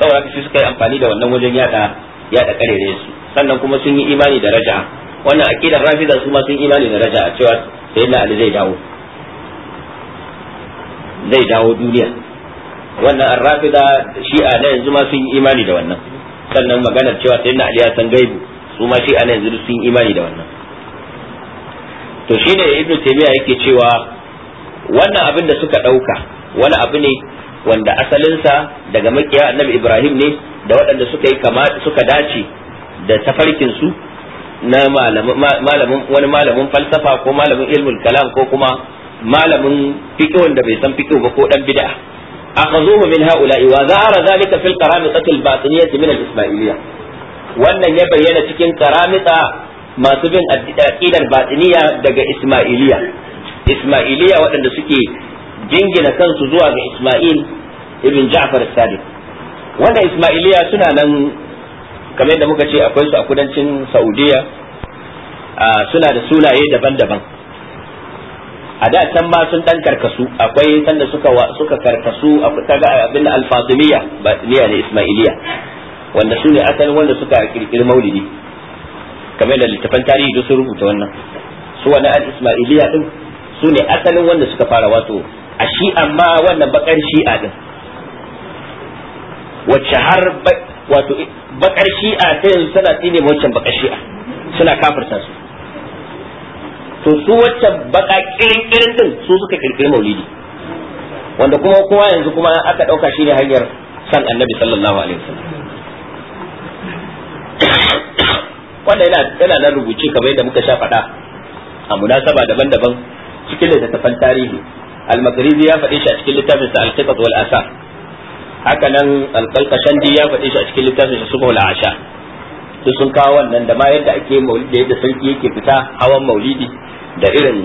saboda haka sai suka yi amfani da wannan wajen yada yada ƙarere su sannan kuma sun yi imani da raja wannan aqidar rafida su ma sun yi imani da raja'a cewa sayyidina ali zai dawo zai dawo duniya wannan arrafida shi'a na yanzu ma sun yi imani da wannan sannan maganar cewa sayyidina ali ya san gaibu su ma shi'a na yanzu sun yi imani da wannan to shine ibnu taymiya yake cewa wannan abin da suka ɗauka wani abu ne wanda asalinsa daga makiya annabi ibrahim ne da waɗanda suka yi kama suka dace da tafarkin su na malamin wani malamin falsafa ko malamin ilmul kalam ko kuma malamin fiqh wanda bai san fiqh ba ko dan bid'a akhazuhu min ha'ula'i wa zahara zalika fil qaramitatil batiniyyah min al-isma'iliyya wannan ya bayyana cikin qaramita masu bin aqidar batiniya daga ismailiya ismailiya waɗanda suke jingina kansu zuwa ga ismail ibn ja'far sadiq wannan ismailiya suna nan kamar da muka ce akwai su a kudancin saudiya suna da sunaye daban-daban a da can ma sun dan karkasu akwai sanda suka suka karkasu kaga abin al alfatimiyya batiniya ne ismailiya wanda su ne asalin wanda suka kirkiri maulidi kamar da littafan tarihi da sun rubuta wannan su wani al ismailiya din su ne asalin wanda suka fara wato a shi amma wannan bakar shi'a din wacce har wato bakar shi'a ta yanzu tana tsine wancan bakar shi'a suna kafirta su to su waccan baka kirkirin din su suka kirkiri maulidi wanda kuma kowa yanzu kuma aka dauka shi ne hanyar san annabi sallallahu alaihi wasallam wanda yana yana nan rubuce kamar yadda muka sha faɗa a munasaba daban-daban cikin littattafan tarihi al maghribi ya faɗe shi a cikin littafin sa al-qitat wal asar haka nan al-qalqashandi ya faɗe shi a cikin littafin sa subhul asha duk sun kawo wannan da ma yadda ake maulidi da yadda sarki yake fita hawan maulidi da irin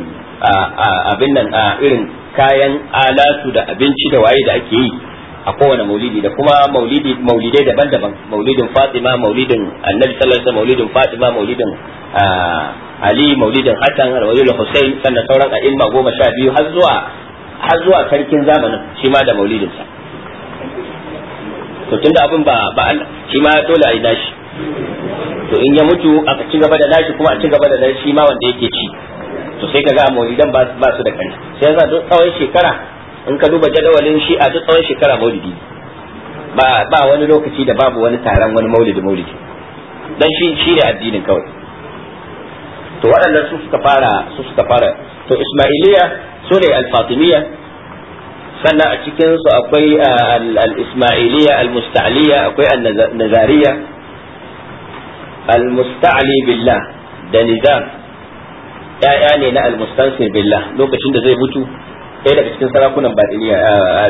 abin nan a irin kayan alatu da abinci da waye da ake yi a kowane maulidi da kuma maulidi maulidai daban-daban maulidin Fatima maulidin Annabi sallallahu alaihi wasallam maulidin Fatima maulidin ah, Ali maulidin hasan Rawayul Hussein sannan sauran a'imma goma sha biyu har zuwa har zuwa sarkin zamanin shi ma da maulidin sa to tunda abin ba ba shi ma dole a yi nashi to in ya mutu aka ci gaba da nashi kuma a ci gaba da nashi ma wanda yake ci to sai kaga a maulidan ba su da kai sai yasa duk tsawon shekara in ka duba jadawalin shi a duk tsawon shekara maulidi ba ba wani lokaci da babu wani taron wani maulidi maulidi dan shi shi ne addinin kawai to waɗannan su suka fara su suka fara to ismailiya su ne al sannan a cikin su akwai al-ismailiya al mustaaliya akwai al-nazariya al mustaali billah da nizam ya'ya ne na al-mustansir billah lokacin da zai mutu ɗaya daga cikin sarakunan fatimiyya ah,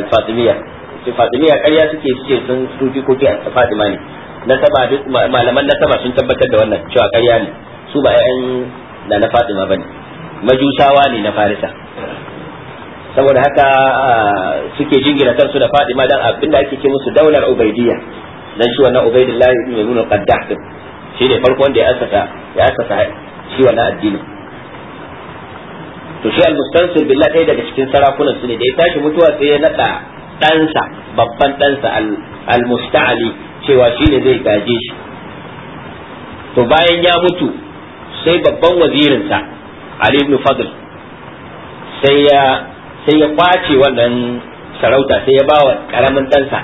su fatimiyya ƙarya suke suke sun ko ke a fatima ne nasaba duk malaman nasaba sun tabbatar da wannan cewa ƙarya ne su ba ƴaƴan da na fatima ne. majusawa ne na farisa saboda haka ah, suke jingina kansu da fatima dan abinda ake ce musu daular ubaidiyya dan shi wannan ubaidillahi ibn yunus qaddah shi ne farkon da ya asasa ya asasa shi wannan addinin to shi al-mustansir billah dai daga cikin sarakunan su ne da ya tashi mutuwa sai ya nada ɗansa babban ɗansa al-musta'ali cewa shi ne zai gaje shi to bayan ya mutu sai babban wazirinsa Ali ibn Fadl sai ya sai ya kwace wannan sarauta sai ya ba wa karamin ɗansa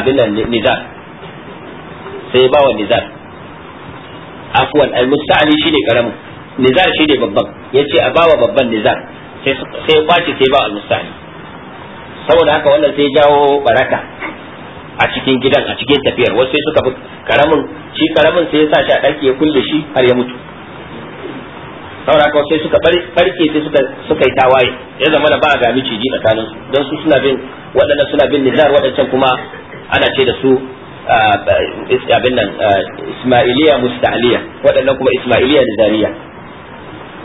abin nizar sai ya ba wa nizar afuwan al-musta'ali shine karamin nizar shi ne babban ya ce a bawa babban nizar sai ya kwace sai ba almustani saboda haka wannan sai jawo baraka a cikin gidan a cikin tafiyar wasu sai suka fi karamin shi karamin sai ya sa shi a ɗaki ya kulle shi har ya mutu saboda haka sai suka farke sai suka suka yi tawaye ya zama da ba ga miciji tsakanin su don su suna bin waɗannan suna bin nizar waɗancan kuma ana ce da su abin nan Ismailiya Musta'aliya waɗannan kuma Ismailiya Nizariya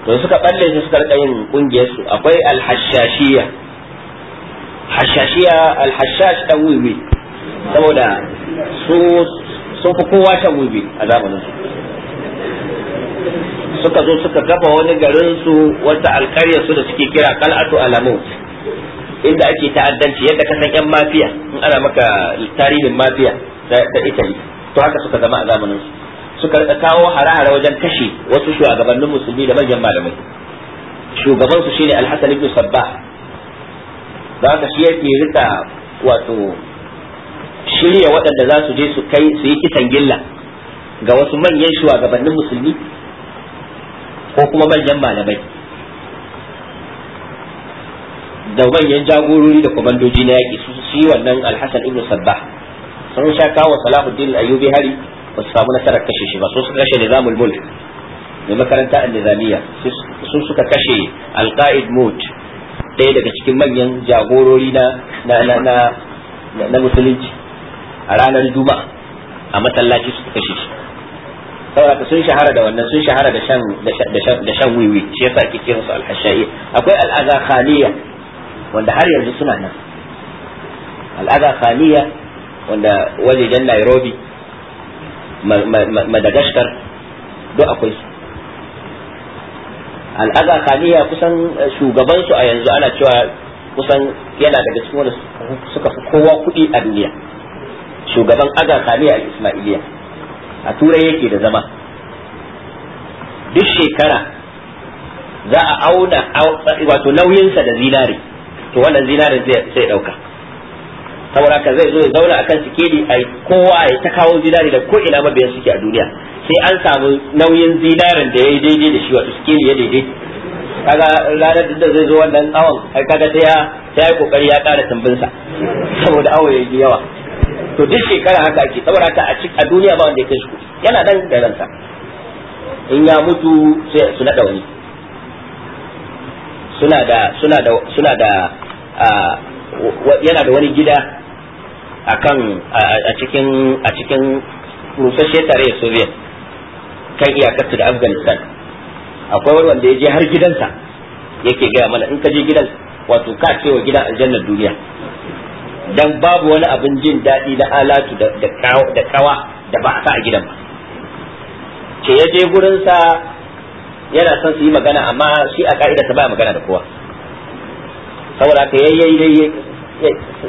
to suka balle su suka rika yin kungiyar su akwai al-hashashiya hashashiya al-hashash da wiwi saboda su sun fi kowa ta wiwi a zamanin su suka zo suka kafa wani garin su wata alƙarya su da suke kira qal'atu alamut inda ake ta'addanci yadda kasan yan mafiya in ana maka tarihin mafiya da Italy to haka suka zama a zamanin su suka rika kawo hare-hare wajen kashe wasu shugabannin musulmi da manyan malamai shugaban su shine Alhassan ibn sabba da haka shi yake rika wato shirya waɗanda za su je su kai su yi kisan gilla ga wasu manyan shugabannin musulmi ko kuma manyan malamai da manyan jagorori da kwamandoji na yaƙi su yi wannan alhassan ibn Sabba, sun sha kawo salahuddin ayyubi hari ba su samu nasarar kashe shi ba su suka kashe nizamul mulk mai makaranta al nizamiya su suka kashe alqaid mut ɗaya daga cikin manyan jagorori na na na na musulunci a ranar juma'a a masallaci suka kashe shi saboda sun shahara da wannan sun shahara da shan da shan wiwi shi yasa ake kira su al-hashai akwai al-aza khaliya wanda har yanzu suna nan al-aza khaliya wanda wajejen Nairobi Madagaskar duk akwai su al'aza kaniya kusan eh, shugabansu a yanzu ana cewa kusan yana daga cikin wanda suka fi kowa kuɗi a duniya shugaban aga kaniya ismailiya a turai yake da zama duk shekara za a auna wato nauyinsa da zinari to wannan zinarin zai ɗauka saboda haka zai zo ya zauna akan sikeli a kowa ya ta kawo zinari da ko ina mabiyan suke a duniya sai an samu nauyin zinarin da ya yi daidai da shi wato sikeli ya daidai kaga ranar da zai zo wannan tsawon ai kaga ta ya yi kokari ya kara tambinsa saboda awo ya yi yawa to duk shekara haka ake saboda haka a cikin duniya ba wanda ya kai shi yana dan da in ya mutu sai su nada wani suna da suna da suna da ah, yana da wani gida akan a cikin a cikin rusasshe tarayyar soviet kan iyakar da afghanistan akwai wani wanda ya je har gidansa yake gaya mana in ka je gidan wato ka ce wa gidan aljannar duniya dan babu wani abin jin daɗi na alatu da kawa da ba a gidan ba ce ya je gurinsa yana son su yi magana amma shi a ka'ida ta baya magana da kowa saboda ka yayyayi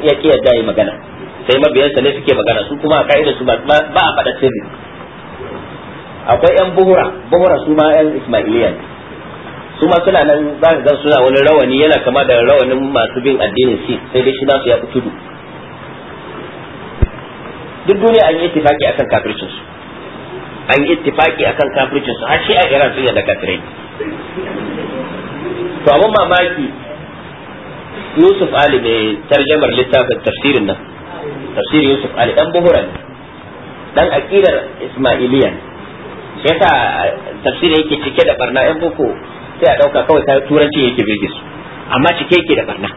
ya ki yadda yi magana sai mabiyansa ne suke magana su kuma a ka'ida su ba a faɗa sirri akwai yan buhura buhura su ma yan ismailiyan su ma suna nan za ka gan suna wani rawani yana kama da rawanin masu bin addinin si sai dai shi nasu ya fi tudu duk duniya an yi ittifaki akan kafircin su an yi ittifaki akan kafircin su har shi a Iran sun yadda kafirai to abin mamaki Yusuf Ali mai tarjamar littafin tafsirin nan tafsir Yusuf Ali dan buhuran dan aqidar Ismailiyan shi yasa tafsir yake cike da barna ɗan boko sai a dauka kawai ta turanci yake bege su amma cike yake da barna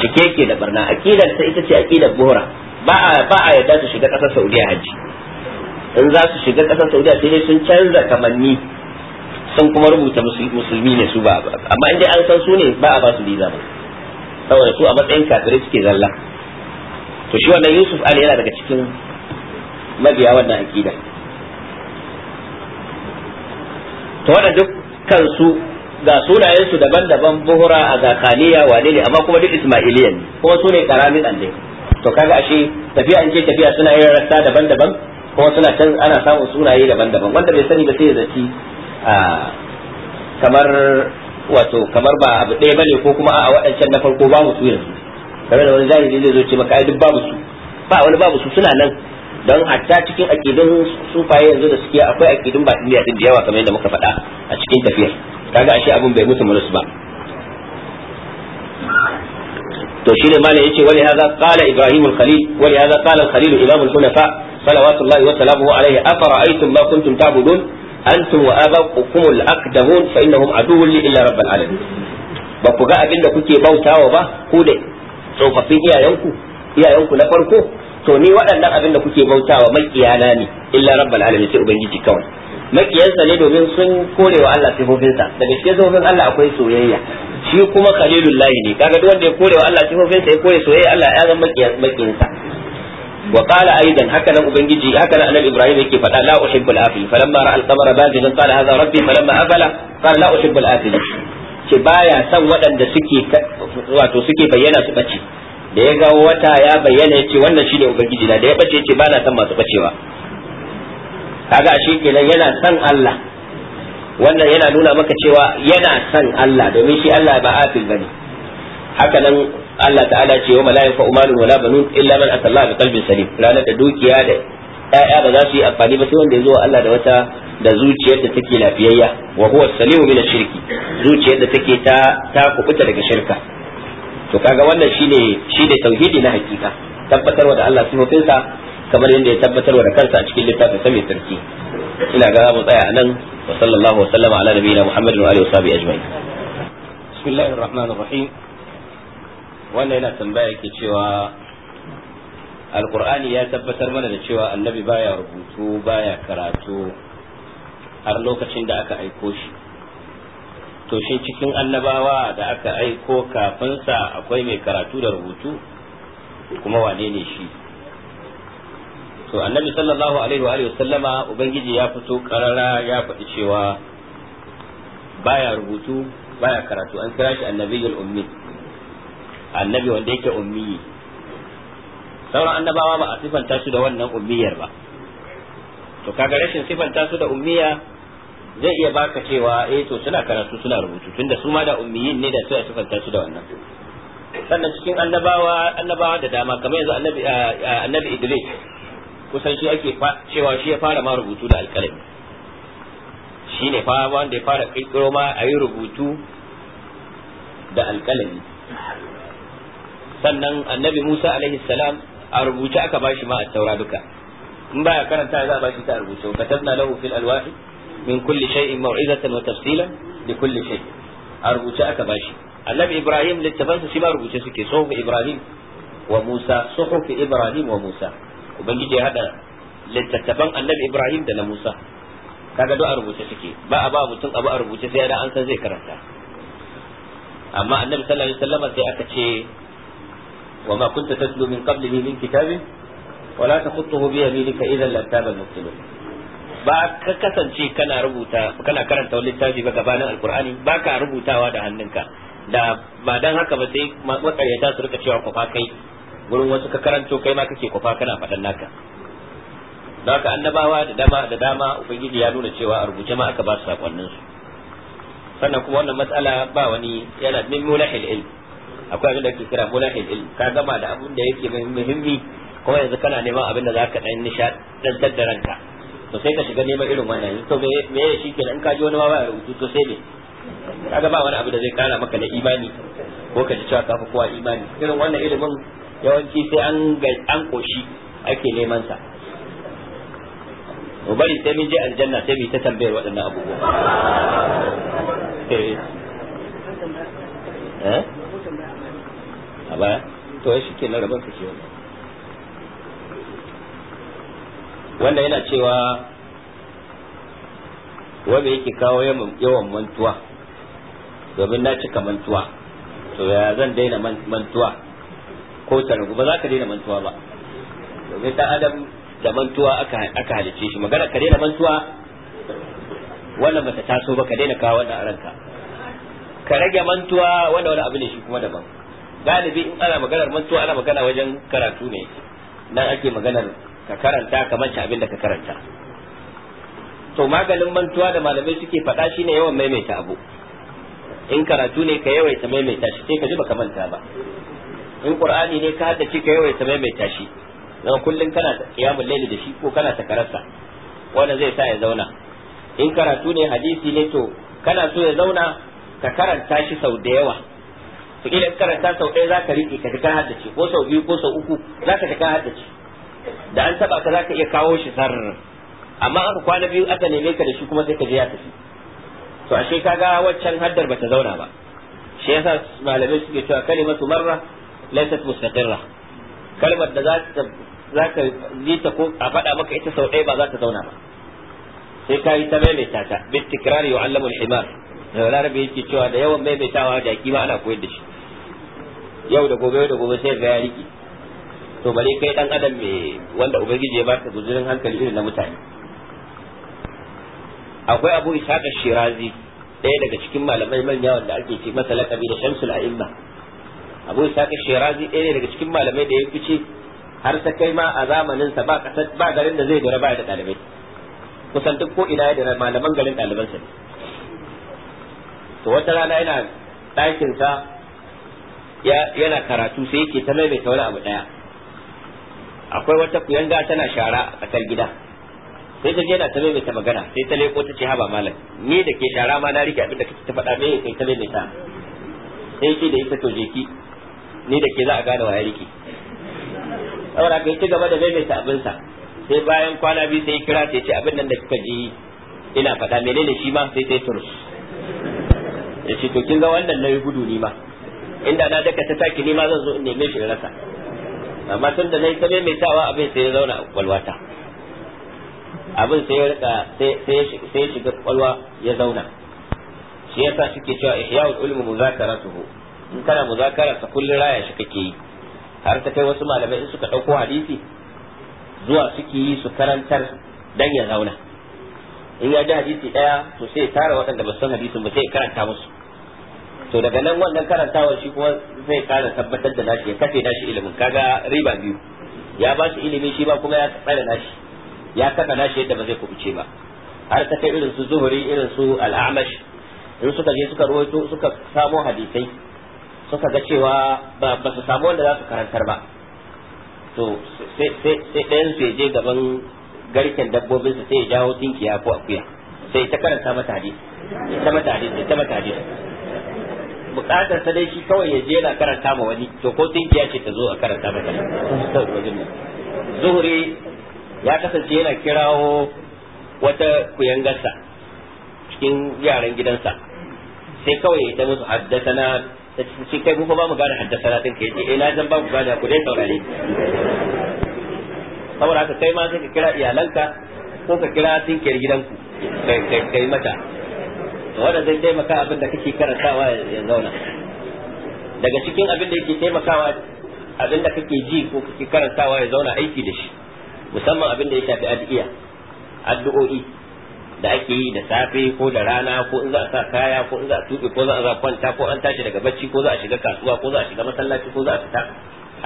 cike yake da barna aqidar sai ita ce aqidar buhura ba a ba a yadda su shiga kasar Saudiya haji in za su shiga kasar Saudiya sai dai sun canza kamanni sun kuma rubuta musulmi ne su ba amma in dai an san su ne ba a ba su visa ba saboda su a matsayin kafirai suke zalla to shi wannan Yusuf Ali yana daga cikin mabiya wannan akida to wannan duk kansu ga sunayensu daban-daban buhura a zakaniya wane ne amma kuma duk ismailiya ne kuma su ne karamin allai to kaga ashe tafiya in ce tafiya suna yin rasta daban-daban kuma suna can ana samun sunaye daban-daban wanda bai sani ba sai ya zaci kamar wato kamar ba abu ɗaya bane ko kuma a waɗancan na farko ba mu su yanzu kamar da wani zahiri zai zo ce maka ai duk babu su ba wani babu su suna nan don hatta cikin akidun sufaye yanzu da suke akwai ba batiniya din da yawa kamar yadda muka faɗa a cikin tafiyar kaga ashe abun bai mutu mulus ba to shi shine mala yace wali hadha qala ibrahim al-khalil wali hadha qala al-khalil imam al-hunafa salawatullahi wa salamuhu alayhi afara'aytum ma kuntum ta'budun antum wa abakum al-aqdamun fa innahum aduwwun li illa rabbil alamin ba ku ga abin da kuke bautawa ba ku dai tsofaffin iyayenku iyayenku na farko to ni waɗannan abin da kuke bautawa makiyana ne illa rabbal alamin sai ubangiji kawai makiyansa ne domin sun kore wa Allah sifofinsa daga cikin sifofin Allah akwai soyayya shi kuma khalilullahi ne kaga duk wanda ya kore wa Allah sifofinsa ya kore soyayya Allah ya zama makiyinsa wa qala aidan haka nan ubangiji haka nan annabi ibrahim yake faɗa la uhibbul afil falamma ra'a al-qamara bazigan qala hadha rabbi falamma afala qala la uhibbul afil ce baya son waɗanda suke wato suke bayyana su bace da ya ga wata ya bayyana yace wannan shine ubangiji na da ya bace yace ba na son masu bacewa kaga ashe kenan yana son Allah wannan yana nuna maka cewa yana san Allah domin shi Allah ba afil bane haka nan Allah ta'ala ce wa malaika umalun wala banun illa man atalla bi qalbin salim ranar da dukiya da ƴaƴa ba za su yi amfani ba sai wanda ya zo Allah da wata da zuciyar da take lafiyayya wa huwa salimu min shirki zuciyar da take ta ta kubuta daga shirka to kaga wannan shine shine tauhidi na hakika tabbatarwa da Allah sunofinsa kamar yadda ya tabbatarwa da kansa a cikin littafin sa mai sarki ina ga mu tsaya nan wa sallallahu wa sallama ala nabiyina muhammadin wa alihi wa sahbihi ajma'in bismillahir rahmanir rahim wannan yana tambaya yake cewa alkur'ani ya tabbatar mana da cewa annabi baya rubutu baya karatu har lokacin da aka aiko shi to shi cikin annabawa da aka aiko kafinsa akwai mai karatu da rubutu kuma wane ne shi to annabi sallallahu alaihi wa sallama ubangiji ya fito karara ya faɗi cewa baya rubutu baya karatu an kira shi annabiyul ummi annabi wanda yake ummi sauran annabawa ba a sifanta su da wannan ummiyar ba to kaga rashin sifanta su da ummiya zai iya baka cewa eh to suna karatu suna rubutu tunda su ma da ummiyin ne da su a sifanta su da wannan sannan cikin annabawa annabawa da dama kamar yanzu annabi annabi Idris kusan shi ake cewa shi ya fara ma rubutu da alƙalami shi ne fa wanda ya fara kirkiro ma a yi rubutu da alƙalami sannan annabi Musa alaihi salam a rubuce aka ba shi ma a taura duka in baya karanta za a bashi ta a rubuce wa katabna lahu fil alwahi min kulli shay'in maw'izatan wa tafsilan li kulli shay a rubuce aka ba bashi annabi ibrahim littafansa shi ma rubuce suke suhuf ibrahim wa musa suhuf ibrahim wa musa ubangiji ya hada littattafan annabi ibrahim da na musa kaga duk a rubuce suke ba a ba mutum abu a rubuce sai da an san zai karanta amma annabi sallallahu alaihi wasallam sai aka ce وما كنت تتلو من قبله من كتاب ولا تخطه بيمينك إذا لارتاب المبطلون ba ka kasance kana rubuta kana karanta wani littafi ba gabanin alkur'ani ba ka rubutawa da hannunka da ba dan haka ba sai makaryata su rika cewa kwafa kai gurin wasu ka karanto kai ma kake kwafa kana faɗan naka haka annabawa da dama da dama ubangiji ya nuna cewa a rubuce ma aka ba su sakonnin su sannan kuma wannan matsala ba wani yana min mulahil ilm akwai abin da ake kira mulahil ilm ka gama da abin da yake muhimmi kuma yanzu kana neman abin da ka dan nishadantar da ranka to sai ka shiga neman irin wannan to me me shi kenan in ka ji wani ma ba rubutu to sai me ka gama wani abu da zai kara maka na imani ko ka ji cewa ka fi kowa imani irin wannan ilimin yawanci sai an an koshi ake neman sa mu bari sai mun je aljanna sai mu ta tambayar waɗannan abubuwa eh, eh? a baya to ya shike na rabar kake wannan wanda yana cewa wanda yake kawo yawan mantuwa domin na cika mantuwa to ya zan daina mantuwa ko targu ba za ka daina mantuwa ba domin ta adam da mantuwa aka halice shi magana ka daina mantuwa wannan bata taso ba ka daina kawo wannan a ranka ka rage mantuwa wanda wani abu ne shi kuma daban galibi in ana maganar mantuwa ana magana wajen karatu ne nan ake maganar ka karanta kamar manta abin da ka karanta to maganin mantuwa da malamai suke faɗa shine yawan maimaita abu in karatu ne ka yawaita maimaita shi sai ka ji baka manta ba in qur'ani ne ka haddace ka yawaita maimaita shi dan kullun kana qiyamul layli da shi ko kana ta karanta wanda zai sa ya zauna in karatu ne hadisi ne to kana so ya zauna ka karanta shi sau da yawa to kila karanta sau ɗaya zaka rike ka ka haddace ko sau biyu ko sau uku zaka ka haddace da an taba ka zaka iya kawo shi sar amma aka kwana biyu aka neme ka da shi kuma sai ka je ya tafi to ashe kaga waccan haddar bata zauna ba shi yasa malamai suke cewa kalimatu marra laysat mustaqirra kalmar da za ta za ka ta ko a faɗa maka ita sau ɗaya ba za ta zauna ba sai ka yi ta maimaita ta bit tikrari wa allamul himar da larabi yake cewa da yawan maimaitawa jaki ma ana koyar da shi yau da gobe yau da gobe sai ga ya riki to bare kai dan adam me wanda ubangiji ya baka ta guzurin hankali irin na mutane akwai abu isaka shirazi ɗaya daga cikin malamai manya wanda ake ce masa laƙabi da shamsul a'imma abu isaka shirazi ɗaya daga cikin malamai da ya fice har ta kai ma a zamanin sa ba kasar ba garin da zai dora ba da ɗalibai kusan duk ko ina da malaman garin dalibansa ne to wata rana yana ɗakin sa yana karatu sai yake ta maimaita wani abu daya akwai wata kuyanga tana shara a tsakar gida sai ta je na ta maimaita magana sai ta leko ta ce haba malam ni da ke shara ma na rike abin da kake ta faɗa me kai ta maimaita sai ce da ita to je ki ni da ke za a gane waye rike saboda ka ci gaba da maimaita abin sa sai bayan kwana biyu sai kira ta ce abin nan da kika ji ina faɗa menene shi ma sai ta turus ya ce to kin ga wannan na yi gudu ni ma inda na daka ta taki nima ma zan zo in neme shi rasa amma tun da nayi ta maimaitawa abin sai ya zauna a kwalwata abin sai ya rika sai ya shiga kwalwa ya zauna shi yasa suke cewa ihya'ul ilmi muzakaratuhu in kana muzakara ta kullun raya shi kake yi har ta kai wasu malamai in suka dauko hadisi zuwa suke yi su karantar dan ya zauna in ya ji hadisi daya to sai ya tara waɗanda ba san hadisin ba sai ya karanta musu to daga nan wannan karantawa shi kuma zai kara tabbatar da nashi ya kafe nashi ilimin kaga riba biyu ya ba shi ilimi shi ba kuma ya tsara nashi ya kafa nashi yadda ba zai kubuce ba har ta kai irin su zuhuri irin su al'amash in suka je suka rawaito suka samo hadisai suka ga cewa ba su samu wanda za su karantar ba to sai ɗayan su je gaban garken dabbobin sai ya jawo tinkiya ko akuya sai ta karanta mata hadisi ta mata hadisi ta mata hadisi bukatar sa dai shi kawai ya je na karanta ma wani to ko tinkiya ce ta zo a karanta mata zuhuri ya kasance yana kirawo wata kuyangarsa cikin yaran gidansa sai kawai ya ta musu haddasana sai kai kuma ba mu gane haddasana din kai eh na zan ba mu gane ku dai saurare saboda haka kai ma sai ka kira iyalanka ko ka kira tinkiyar gidanku kai mata wanda zai taimaka abin da kake karantawa ya zauna daga cikin abin da yake taimakawa abin da kake ji ko kake karantawa ya zauna aiki da shi musamman abin da ya shafi addu'a addu'o'i da ake yi da safe ko da rana ko in za a sa kaya ko in za a tuɓe ko za a kwanta ko an tashi daga bacci ko za a shiga kasuwa ko za a shiga masallaci ko za a fita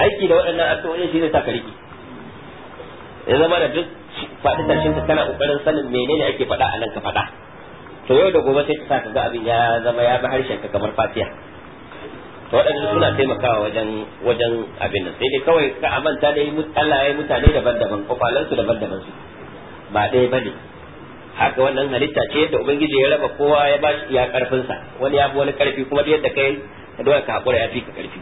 aiki da waɗannan addu'o'i shi ne ta ya zama da duk faɗi tashin ka kana ƙoƙarin sanin menene ake faɗa a nan ka faɗa to yau da gobe sai ta sa ga abin ya zama ya bi harshen ka kamar fatiya to waɗanda suna taimakawa wajen wajen abin nan sai dai kawai ka amanta dai Allah ya mutane daban-daban su daban-daban su ba ɗaya bane haka wannan halitta ce yadda ubangiji ya raba kowa ya bashi iya karfin sa wani ya wani karfi kuma da yadda kai ka doya ka hakura ya fi ka karfi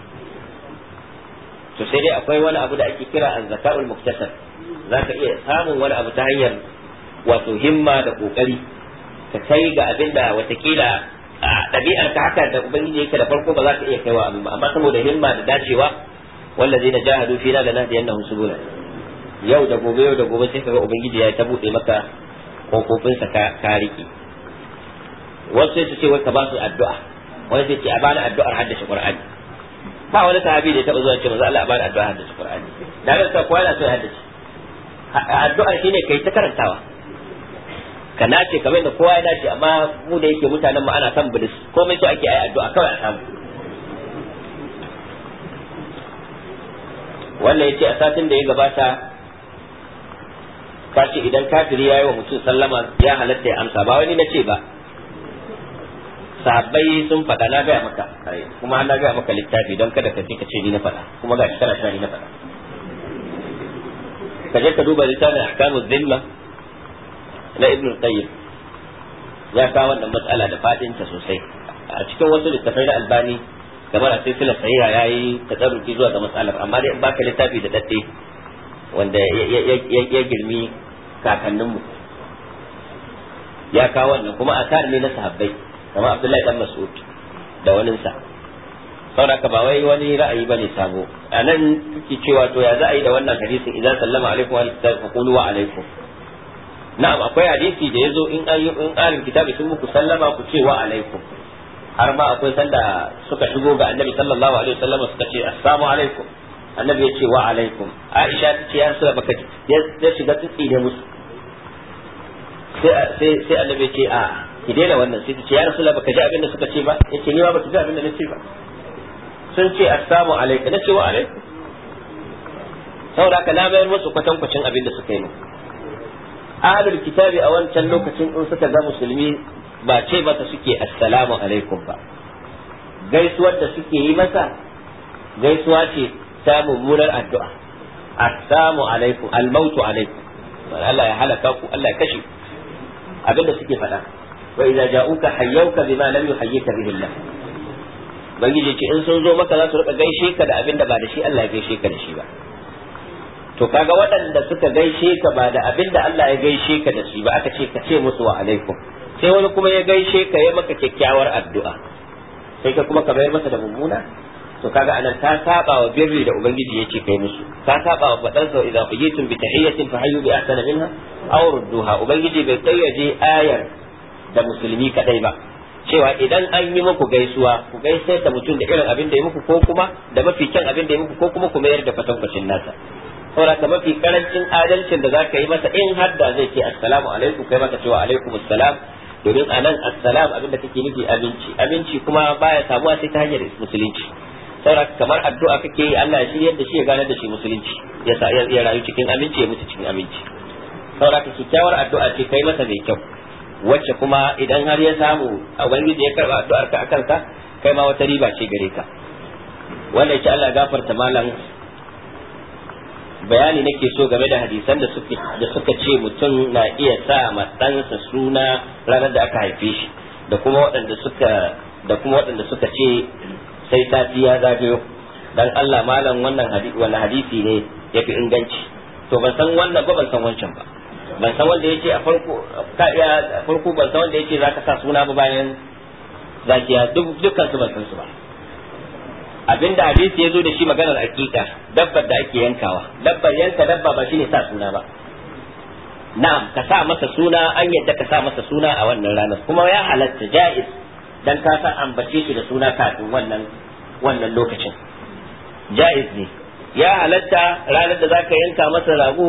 to sai dai akwai wani abu da ake kira azzakaul muktasab zaka iya samun wani abu ta hanyar wato himma da kokari ka kai ga abin da watakila ɗabi'ar ta haka da ubangiji yake da farko ba za ka iya kaiwa abin ba amma saboda himma da dacewa wallazi na jahadu fi la lanahdiyannahum subula yau da gobe yau da gobe sai kaga ubangiji ya ta buɗe maka kofofinsa ka tariki wasu sai su ce wata ba su addu'a wani sai ce a bani addu'ar haddace qur'ani ba wani sahabi da ya taba zuwa ce manzo Allah a bani addu'ar haddace qur'ani da ga ta kowa sai haddace addu'ar shine kai ta karantawa ka nace kamar da kowa ya nace amma mu da yake mutanen mu ana san bilis komai so ake ayi addu'a kawai a samu wannan yace a satin da ya gabata ka ce idan kafiri yayi wa mutum sallama ya halatta ya amsa ba wani na ce ba sahabbai sun faɗa na gaya maka kuma na gaya maka littafi don kada ka ka ce ni na faɗa kuma ga shi kana ni na faɗa ka je ka duba littafin ahkamuz zimma na ibn qayyim ya kawo wannan matsala da fadin ta sosai a cikin wasu littafai na albani kamar a silsila sahiha yayi tadarruki zuwa ga matsalar amma dai baka littafi da dadde wanda ya girmi kakanninmu ya kawo wannan kuma a ne na sahabbai kamar abdullahi dan mas'ud da waninsa saboda ba wai wani ra'ayi bane sabo A kike cewa to ya za a yi da wannan hadisin idan sallama alaikum wa alaikum na'am akwai hadisi da yazo in an in alim kitabi sun muku sallama ku ce wa alaikum har ma akwai sanda suka shigo ga annabi sallallahu alaihi wasallam suka ce assalamu alaikum annabi ya ce wa alaikum aisha ta ce ya rasu baka ya shiga tsitsi da musu sai sai annabi ya ce a ki daina wannan sai ta ce ya rasu baka ji abin da suka ce ba ya ce ni ma baka ji abin da nace ba sun ce assalamu alaikum na ce wa alaikum saboda haka na bayar musu kwatankwacin abin da suka yi muku ahlul kitabi a wancan lokacin in suka ga musulmi ba ce masa suke assalamu alaikum ba gaisuwar da suke yi masa gaisuwa ce ta mummunar addu'a assalamu alaikum almautu alaikum Allah ya halaka ku Allah ya kashe abinda suke faɗa wa idza ja'uka hayyuka bima lam yuhayyika bihi Allah bangiji ce in sun zo maka za su rika gaishe ka da abinda ba da shi Allah ya gaishe ka da shi ba to kaga waɗanda suka gaishe ka ba da abin da Allah ya gaishe ka da shi ba aka ce ka ce musu wa alaikum sai wani kuma ya gaishe ka ya maka kyakkyawar addu'a sai ka kuma ka bayar masa da mummuna to kaga anan ta saba wa birri da ubangiji yace kai musu ta saba wa fadan sau idza quyitum bi tahiyatin fa hayyu bi ahsana minha aw rudduha ubangiji bai kayyaje ayar da musulmi kadai ba cewa idan an yi muku gaisuwa ku gaishe da mutum da irin abin da ya muku ko kuma da mafi kyan abin da ya muku ko kuma ku mayar da fatankwacin nasa saboda ka mafi karancin adalcin da zaka yi masa in da zai ce assalamu alaikum kai maka cewa alaikum assalam domin a nan assalam abinda kake nufi abinci abinci kuma baya samuwa sai ta hanyar musulunci saboda kamar addu'a kake yi Allah ya shiryar da shi ya gane da shi musulunci ya sa ya rayu cikin aminci ya mutu cikin aminci saboda ka kyakkyawar addu'a ce kai masa mai kyau wacce kuma idan har ya samu a ubangiji ya karba addu'ar ka akan ka kai ma wata riba ce gare ka wanda ya ce Allah gafarta malam bayani nake so game da hadisan da suka da suka ce mutum na iya sa ma ɗansa suna ranar da aka haife shi da kuma waɗanda suka da kuma waɗanda suka ce sai sati ya zagayo dan Allah malam wannan hadisi wannan hadisi ne yafi inganci to ban san wannan ba ban san wancan ba ban san wanda yace a farko ka a farko ban san wanda yace zaka sa suna ba bayan zakiya duk dukkan su ban san su ba Abin da hadisi ya zo da shi maganar aqiqa dabbar da ake yankawa dabbar yanka dabba ba shine sa suna ba na'am ka sa masa suna an yadda ka sa masa suna a wannan ranar kuma ya halatta jaiz dan ka sa ambace shi da suna kafin wannan wannan lokacin jaiz ne ya halatta ranar da zaka yanka masa rago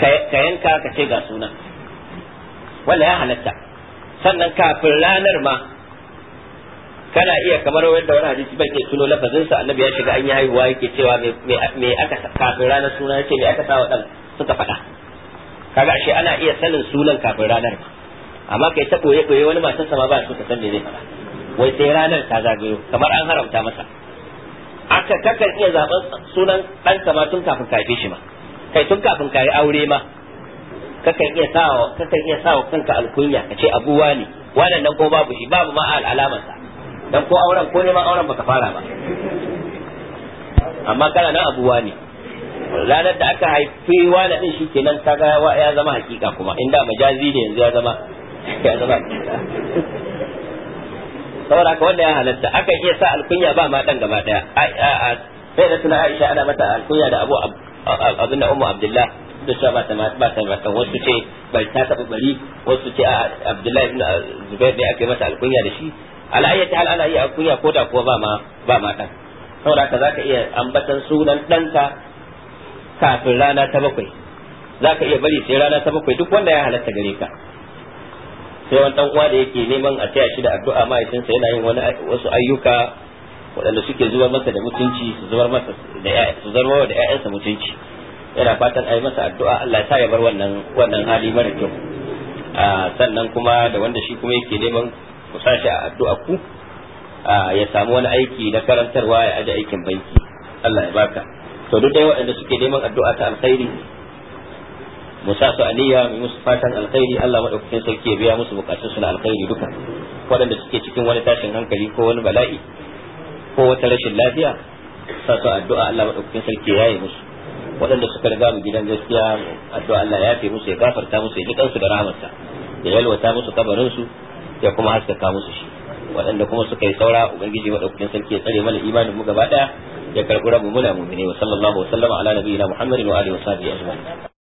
ka yanka ka ce ga suna wannan ya halatta sannan kafin ranar ma kana iya kamar wanda wani hadisi ba ke tuno lafazin sa annabi ya shiga an yi haihuwa yake cewa me aka kafin ranar suna yake me aka sa dan suka faɗa kaga ashe ana iya sanin sunan kafin ranar amma kai ta koye koye wani masu sama ba su ka san me zai faɗa wai sai ranar ta zagayo kamar an haramta masa aka kakan iya zaben sunan dan sama tun kafin ka shi ma kai tun kafin kai aure ma kakan iya sawa kakan iya sawa kanka alkunya kace abuwa ne wannan nan ko babu shi babu ma al'alamarsa dan ko auren ko neman auren baka fara ba amma kana nan abuwa ne ranar da aka haifi wani din shikenan kaga ya zama hakika kuma inda majazi ne yanzu ya zama ya zama saboda haka wanda ya halatta aka iya sa alkunya ba ma dan gaba daya sai da tuna Aisha ana mata alkunya da Abu abin da Ummu Abdullah da sha ba ta ba ta ba wasu ce bai ta taɓa bari wasu ce Abdullahi ibn Zubair ne ake mata alkunya da shi al'ayyata hal ana yi akuya ko da kuwa ba ma ba ma dan saboda ka zaka iya ambatan sunan danka kafin rana ta bakwai zaka iya bari sai rana ta bakwai duk wanda ya halatta gare ka sai wani dan uwa da yake neman a taya shi da addu'a mahaifinsa yana yin wani wasu ayyuka waɗanda suke zubar masa da mutunci su zubar masa da su zubar da ƴaƴansa mutunci yana fatan a yi masa addu'a Allah ya sa ya bar wannan wannan hali mara kyau ah, sannan kuma da wanda shi kuma yake neman ku sa shi a addu'a ku ya samu wani aiki na karantarwa ya aje aikin banki Allah ya baka to duk dai waɗanda suke neman addu'a ta alkhairi mu sa su aliya mu musu fatan alkhairi Allah madaukakin sarki ya biya musu bukatun su na alkhairi duka waɗanda suke cikin wani tashin hankali ko wani bala'i ko wata rashin lafiya sa su addu'a Allah madaukakin sarki ya yi musu waɗanda suka riga mu gidan gaskiya addu'a Allah ya fi musu ya gafarta musu ya ji kansu da rahmarsa ya yalwata musu kabarin su ya kuma haskaka musu shi waɗanda kuma suka yi saura ubangiji madaukakin sarki ya tsare mana imanin mu gaba ɗaya ya karɓi rabu muna mu'mini wa sallallahu wa sallama ala nabiyina muhammadin wa alihi wa sahbihi ajma'in